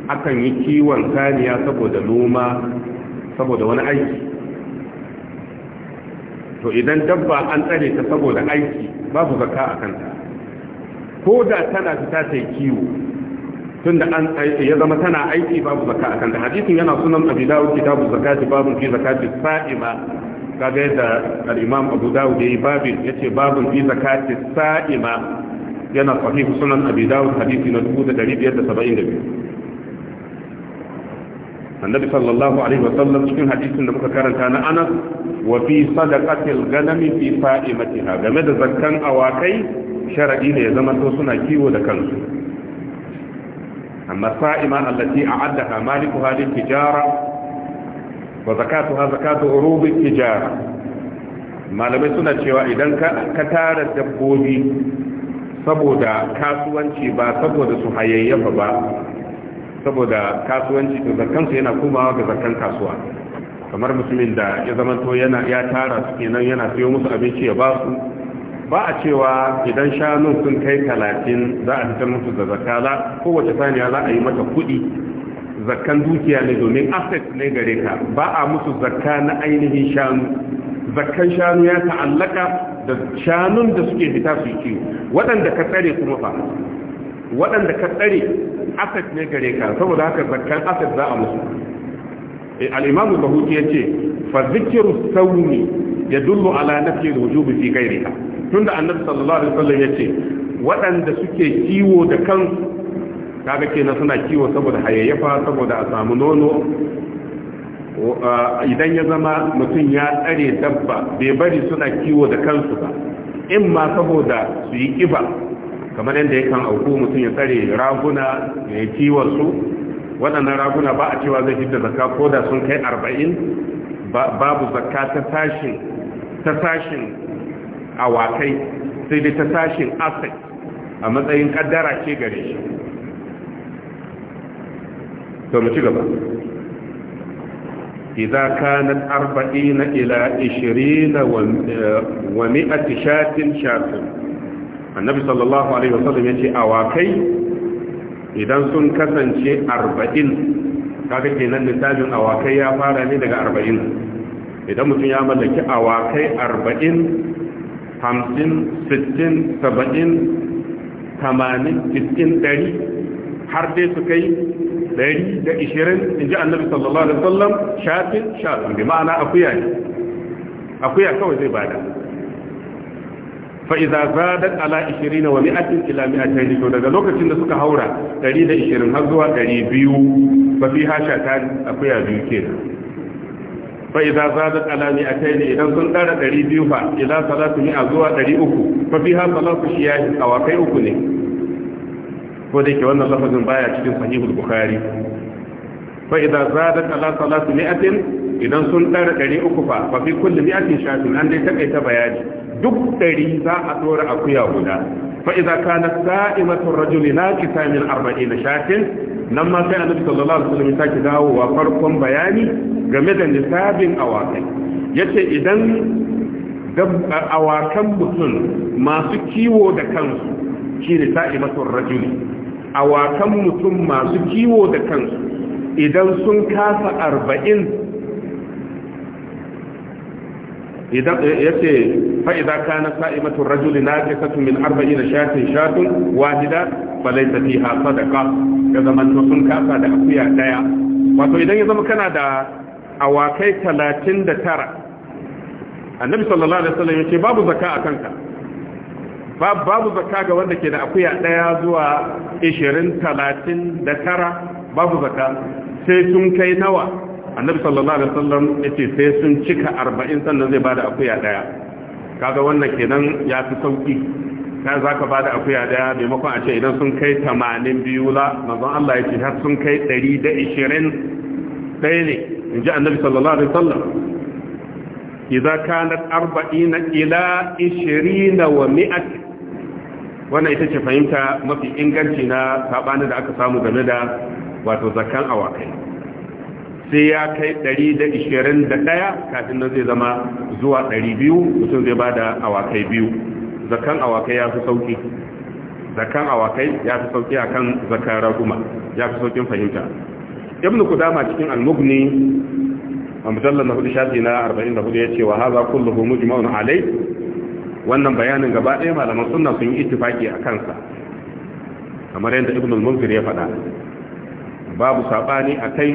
akan yi kiwon saniya saboda noma saboda wani aiki to idan dabba an tsare ta saboda aiki babu zakka a kanta ko da tana fita ta kiwo tun da an ya zama tana aiki babu zakka a kanta hadisin yana sunan abi dawud kitabu ta babu fi zakati sa'ima kaga yadda al-imam abu da yi babin ya ce babu fi zakati sa'ima yana sahihu sunan abu dawo hadisi na 1572 annabi sallallahu alaihi wa sallam cikin hadisin da muka karanta na Anas wa fi sadaqatil ganami fi fa'imatiha game da zakkan awakai sharadi ne ya zama to suna kiwo da kansu amma fa'ima allati a'addaha malikuha lil tijara wa zakatuha zakatu urub al tijara malamai suna cewa idan ka tara dabbobi saboda kasuwanci ba saboda su hayayyafa ba saboda kasuwanci to zakkansu yana komawa ga zakkan kasuwa kamar musulmin da ya zamanto yana ya tara suke kenan yana siyo musu abinci ya ba su ba a cewa idan shanun sun kai talatin za a fitar musu da zakka kowace saniya za a yi mata kuɗi zakkan dukiya ne domin asset ne gare ka ba a musu zakka na ainihin shanu zakkan shanu ya ta'allaka da shanun da suke fita su kiwo waɗanda ka tsare kuma fa waɗanda ka tsare asad ne gare ka saboda haka zakkan asad za a musu da eh, imamu ya yace fa zikru sawmi yadullu ala nafi al-wujubi fi ghayriha tunda annabi sallallahu alaihi wasallam yace waɗanda suke kiwo da kansu kaga kenan suna kiwo saboda hayayyafa saboda a samu nono idan ya zama mutum ya tsare dabba bai bari suna kiwo da kansu ba in ma saboda su yi kiba kamar yadda ya kan auku mutum ya tsare raguna ya kiwarsu waɗannan raguna ba a cewa zai hidda zaka ko da sun kai arba'in babu zaka ta tashin ta sashin awakai sai dai ta tashin asai a matsayin kaddara ce gare shi to mu ci gaba إذا كانت ila 20 wa ومئة eh, shatin shatin annabi sallallahu alaihi wasallam ya ce awakai idan sun kasance arba'in kaga kenan misalin awakai ya fara ne daga arba'in idan mutum ya mallaki awakai arba'in hamsin sittin saba'in tamanin har dai su kai dari da ishirin in ji annabi sallallahu alaihi wasallam shafin shafin bi ma'ana akuya ne akuya kawai zai bada fa idza ala 20 ajin mi'atin ila mi'atayn to daga lokacin da suka haura 120 har zuwa 200 fa fi hasha ta akuya biyu kenan fa idza zadat ala idan sun dara 200 fa ila salatu a zuwa 300 fa fi ha salatu shiyahi awakai uku ne ko da ke wannan lafazin baya cikin sahihul bukhari fa idza ala salatu mi'atin idan sun ɗara ɗari uku fa ba fi kullum ya ce shafin an dai takaita bayani duk ɗari za a tsora akuya guda fa idza kanat sa'imatur rajuli la kitamin 40 shafin nan ma sai annabi sallallahu alaihi wasallam dawo wa farkon bayani game da nisabin awakai yace idan awakan mutum masu kiwo da kansu shine sa'imatur rajuli awakan mutum masu kiwo da kansu idan sun kasa arba'in idan yace fa idza kana sa'imatu na rajul naqisatun min arba'ina shatin shatun wahida falaysa fiha sadaqa ya zama to sun kasa da akuya daya wato idan ya zama kana da awakai 39 annabi sallallahu alaihi wasallam yace babu zakka a kanka babu zakka ga wanda ke da akuya daya zuwa 20 tara babu zakka sai sun kai nawa annabi sallallahu alaihi wasallam yace sai sun cika 40 sannan zai bada akuya daya kaga wannan kenan ya fi sauki ka zaka bada akuya daya maimakon a ce idan sun kai 82 biyu la manzon Allah yace har sun kai 120 daya ne inji annabi sallallahu alaihi wasallam idza kanat 40 ila 20 wa 100 wannan ita ce fahimta mafi inganci na sabanin da aka samu game da wato zakan awakai sai ya kai 121 kafin nan zai zama zuwa 200 mutum zai bada awakai biyu zakan awakai ya fi sauki zakan awakai ya fi sauki kan zakan raguma ya fi saukin fahimta Ibn kudama cikin al-mughni a mujallar na hudu shafi na 44 ya ce wa haza kulluhu mujma'un alai wannan bayanin gaba ɗaya malaman suna sun yi itifaki a kansa kamar yadda Ibn al-munzir ya faɗa babu sabani akai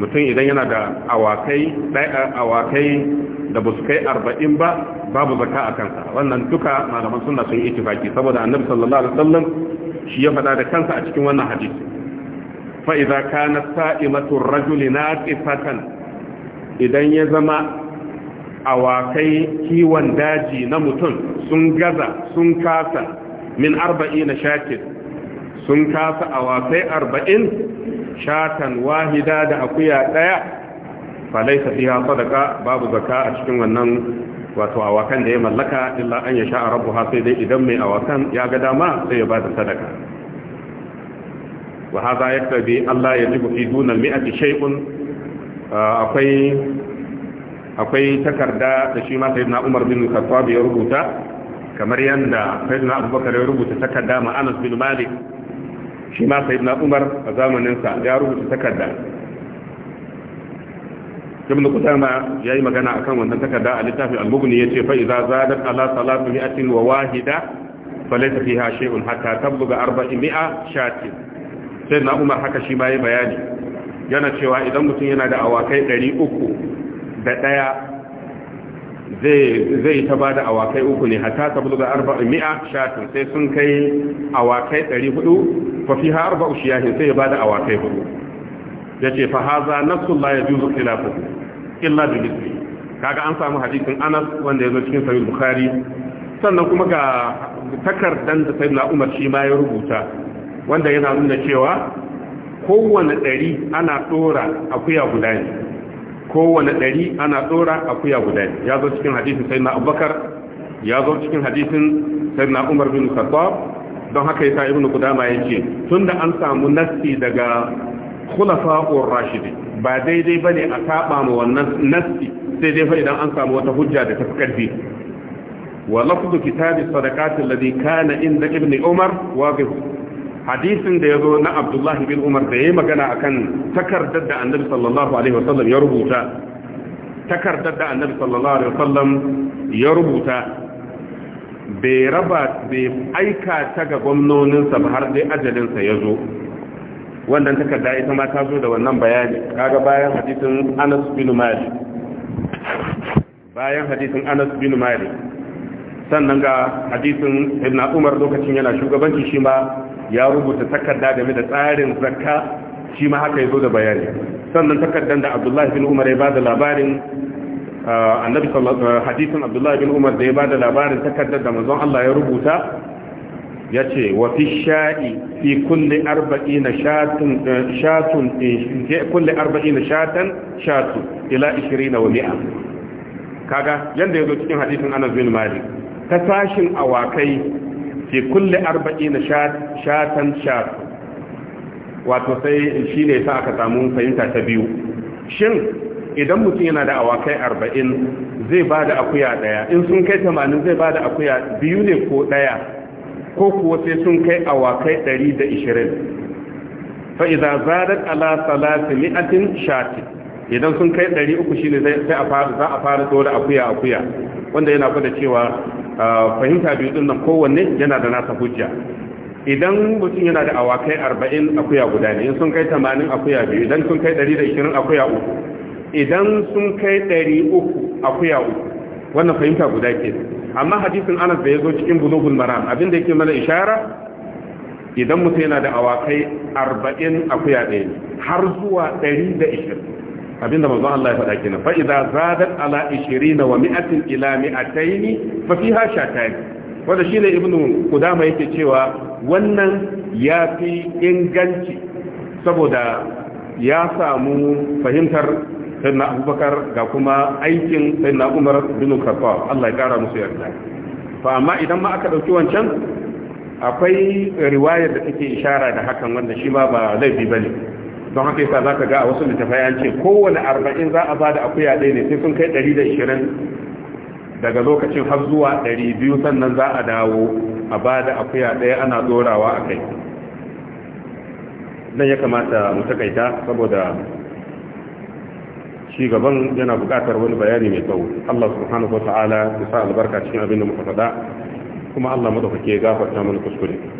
mutum idan yana da awakai awakai da ba su kai arba'in ba babu zaka a kansa wannan duka malaman suna sun yi tufaki saboda annabi sallallahu alaihi wasallam shi ya faɗa da kansa a cikin wannan hadisi fa idza kanat sa'imatu rajuli naqifatan idan ya zama awakai kiwon daji na mutum sun gaza sun kasa min arba'ina shakir sun kasa awakai arba'in shatan wahida da akuya ɗaya falai safiya sadaka babu zaka a cikin wannan wato awakan da ya mallaka illa an ya sha'a rabu ha sai dai idan mai awakan ya ga dama sai ya ba da sadaka wa haza ya tabi Allah ya jibu fi dunan mi'ati shay'un uh, akwai akwai takarda da shi ma na Umar bin Khattab ya rubuta kamar yanda sayyidina Abubakar ya rubuta takarda ma Anas bin Malik shi ma sai na umar a zamaninsa ya rubuta takarda ibn qudama ya yi magana akan wannan takarda a littafin al-mughni yace fa idza zadat ala salatu mi'atin wa wahida falaysa fiha shay'un hatta tabluga mi'a shati. sai na umar haka shi ma yi bayani yana cewa idan mutum yana da awakai 300 da daya zai ta ba da awakai uku ne hata ta buluga arba'a mi'a shatin sai sun kai awakai ɗari hudu fa fi ha arba'u shiyahin sai ya ba da awakai hudu ya ce fa haza nasu la ya juzu khilafu illa bi misli kaga an samu hadisin Anas wanda ya zo cikin sahih Bukhari sannan kuma ga takardan da sayyidina Umar shi ma ya rubuta wanda yana nuna cewa kowane ɗari ana ɗora akuya guda ne kowane ɗari ana ɗora akuya guda ya zo cikin hadisin sai na abubakar ya zo cikin hadisin sai na umar bin khattab don haka yasa ibnu qudama tun tunda an samu nassi daga khulafa'ur rashidi ba daidai bane a saba ma wannan nassi sai dai fa idan an samu wata hujja da ta fi karfi wa lafzu kitabi sadaqati alladhi kana inda ibnu umar wadihu hadisin da ya zo na abdullahi bin umar da ya yi magana a kan takardar da annabi sallallahu alaihi wasallam ya rubuta takardar da annabi sallallahu alaihi wasallam ya rubuta bai raba bai aika ta ga gwamnoninsa ba har dai ajalinsa ya zo wannan takarda ita ma ta zo da wannan bayani kaga bayan hadisin anas bin malik bayan hadisin anas bin malik sannan ga hadisin ibn umar lokacin yana shugabanci shi ma ya rubuta takarda game da tsarin zakka shi ma haka yazo da bayani sannan takardar da Abdullah bin Umar ya bada labarin annabi sallallahu hadisin Abdullah bin Umar da ya bada labarin takardar da manzon Allah ya rubuta yace wa fi sha'i fi kulli 40 shatun eh, shatun eh, fi kulli shatan shatu ila 20 wa 100 kaga yanda yazo cikin hadisin Anas bin Malik ta sashin awakai fi kulli arba'ina shatan shatu wato sai shi ne sa aka samu fahimta ta biyu shin idan mutum yana da awakai arba'in zai ba da akuya ɗaya in sun kai tamanin zai ba da akuya biyu ne ko ɗaya ko kuwa sai sun kai awakai dari da ishirin fa'iza zarar ala salatu mi'atin shati idan sun kai dari uku shi ne za a fara tsoro akuya akuya wanda yana gwada cewa fahimta biyu din nan kowanne yana da nasa hujja idan mutum yana da awakai 40 akuya guda ne in sun kai 80 akuya biyu idan sun kai 120 akuya uku idan sun kai 300 akuya uku wannan fahimta guda ke amma hadisin Anas da zo cikin bulugul maram abinda yake mana ishara idan mutum yana da awakai 40 akuya ɗaya har zuwa 120 abinda mazu Allah ya faɗa kenan fa idza ala 20 wa mi'atin ila mi'ataini fa fiha shatan wanda shine ibnu Kudama yake cewa wannan ya fi inganci saboda ya samu fahimtar sayyidina Abubakar ga kuma aikin sayyidina Umar bin Khattab Allah ya kara musu yarda fa amma idan ma aka ɗauki wancan akwai riwayar da take ishara da hakan wanda shi ba ba laifi bane don haka yasa zaka ga a wasu littafai an ce kowane arba'in za a bada akuya ɗaya ne sai sun kai ɗari da ishirin daga lokacin har zuwa ɗari biyu sannan za a dawo a bada akuya ɗaya ana dorawa a kai nan ya kamata mu takaita saboda shi gaban yana buƙatar wani bayani mai tsawo Allah subhanahu wa ta'ala ya sa albarka cikin abin da muka faɗa kuma Allah madaukake ya gafarta mana kuskure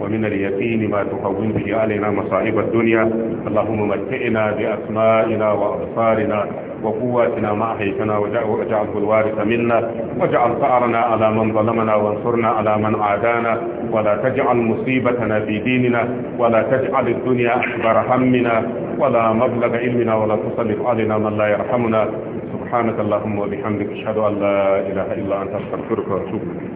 ومن اليقين ما تقوم به علينا مصائب الدنيا اللهم متئنا بأسمائنا وأبصارنا وقواتنا ما أحيتنا واجعله الوارث منا واجعل ثأرنا على من ظلمنا وانصرنا على من عادانا ولا تجعل مصيبتنا في ديننا ولا تجعل الدنيا أكبر همنا ولا مبلغ علمنا ولا تسلط علينا من لا يرحمنا سبحانك اللهم وبحمدك أشهد أن لا إله إلا أنت أستغفرك وأتوب إليك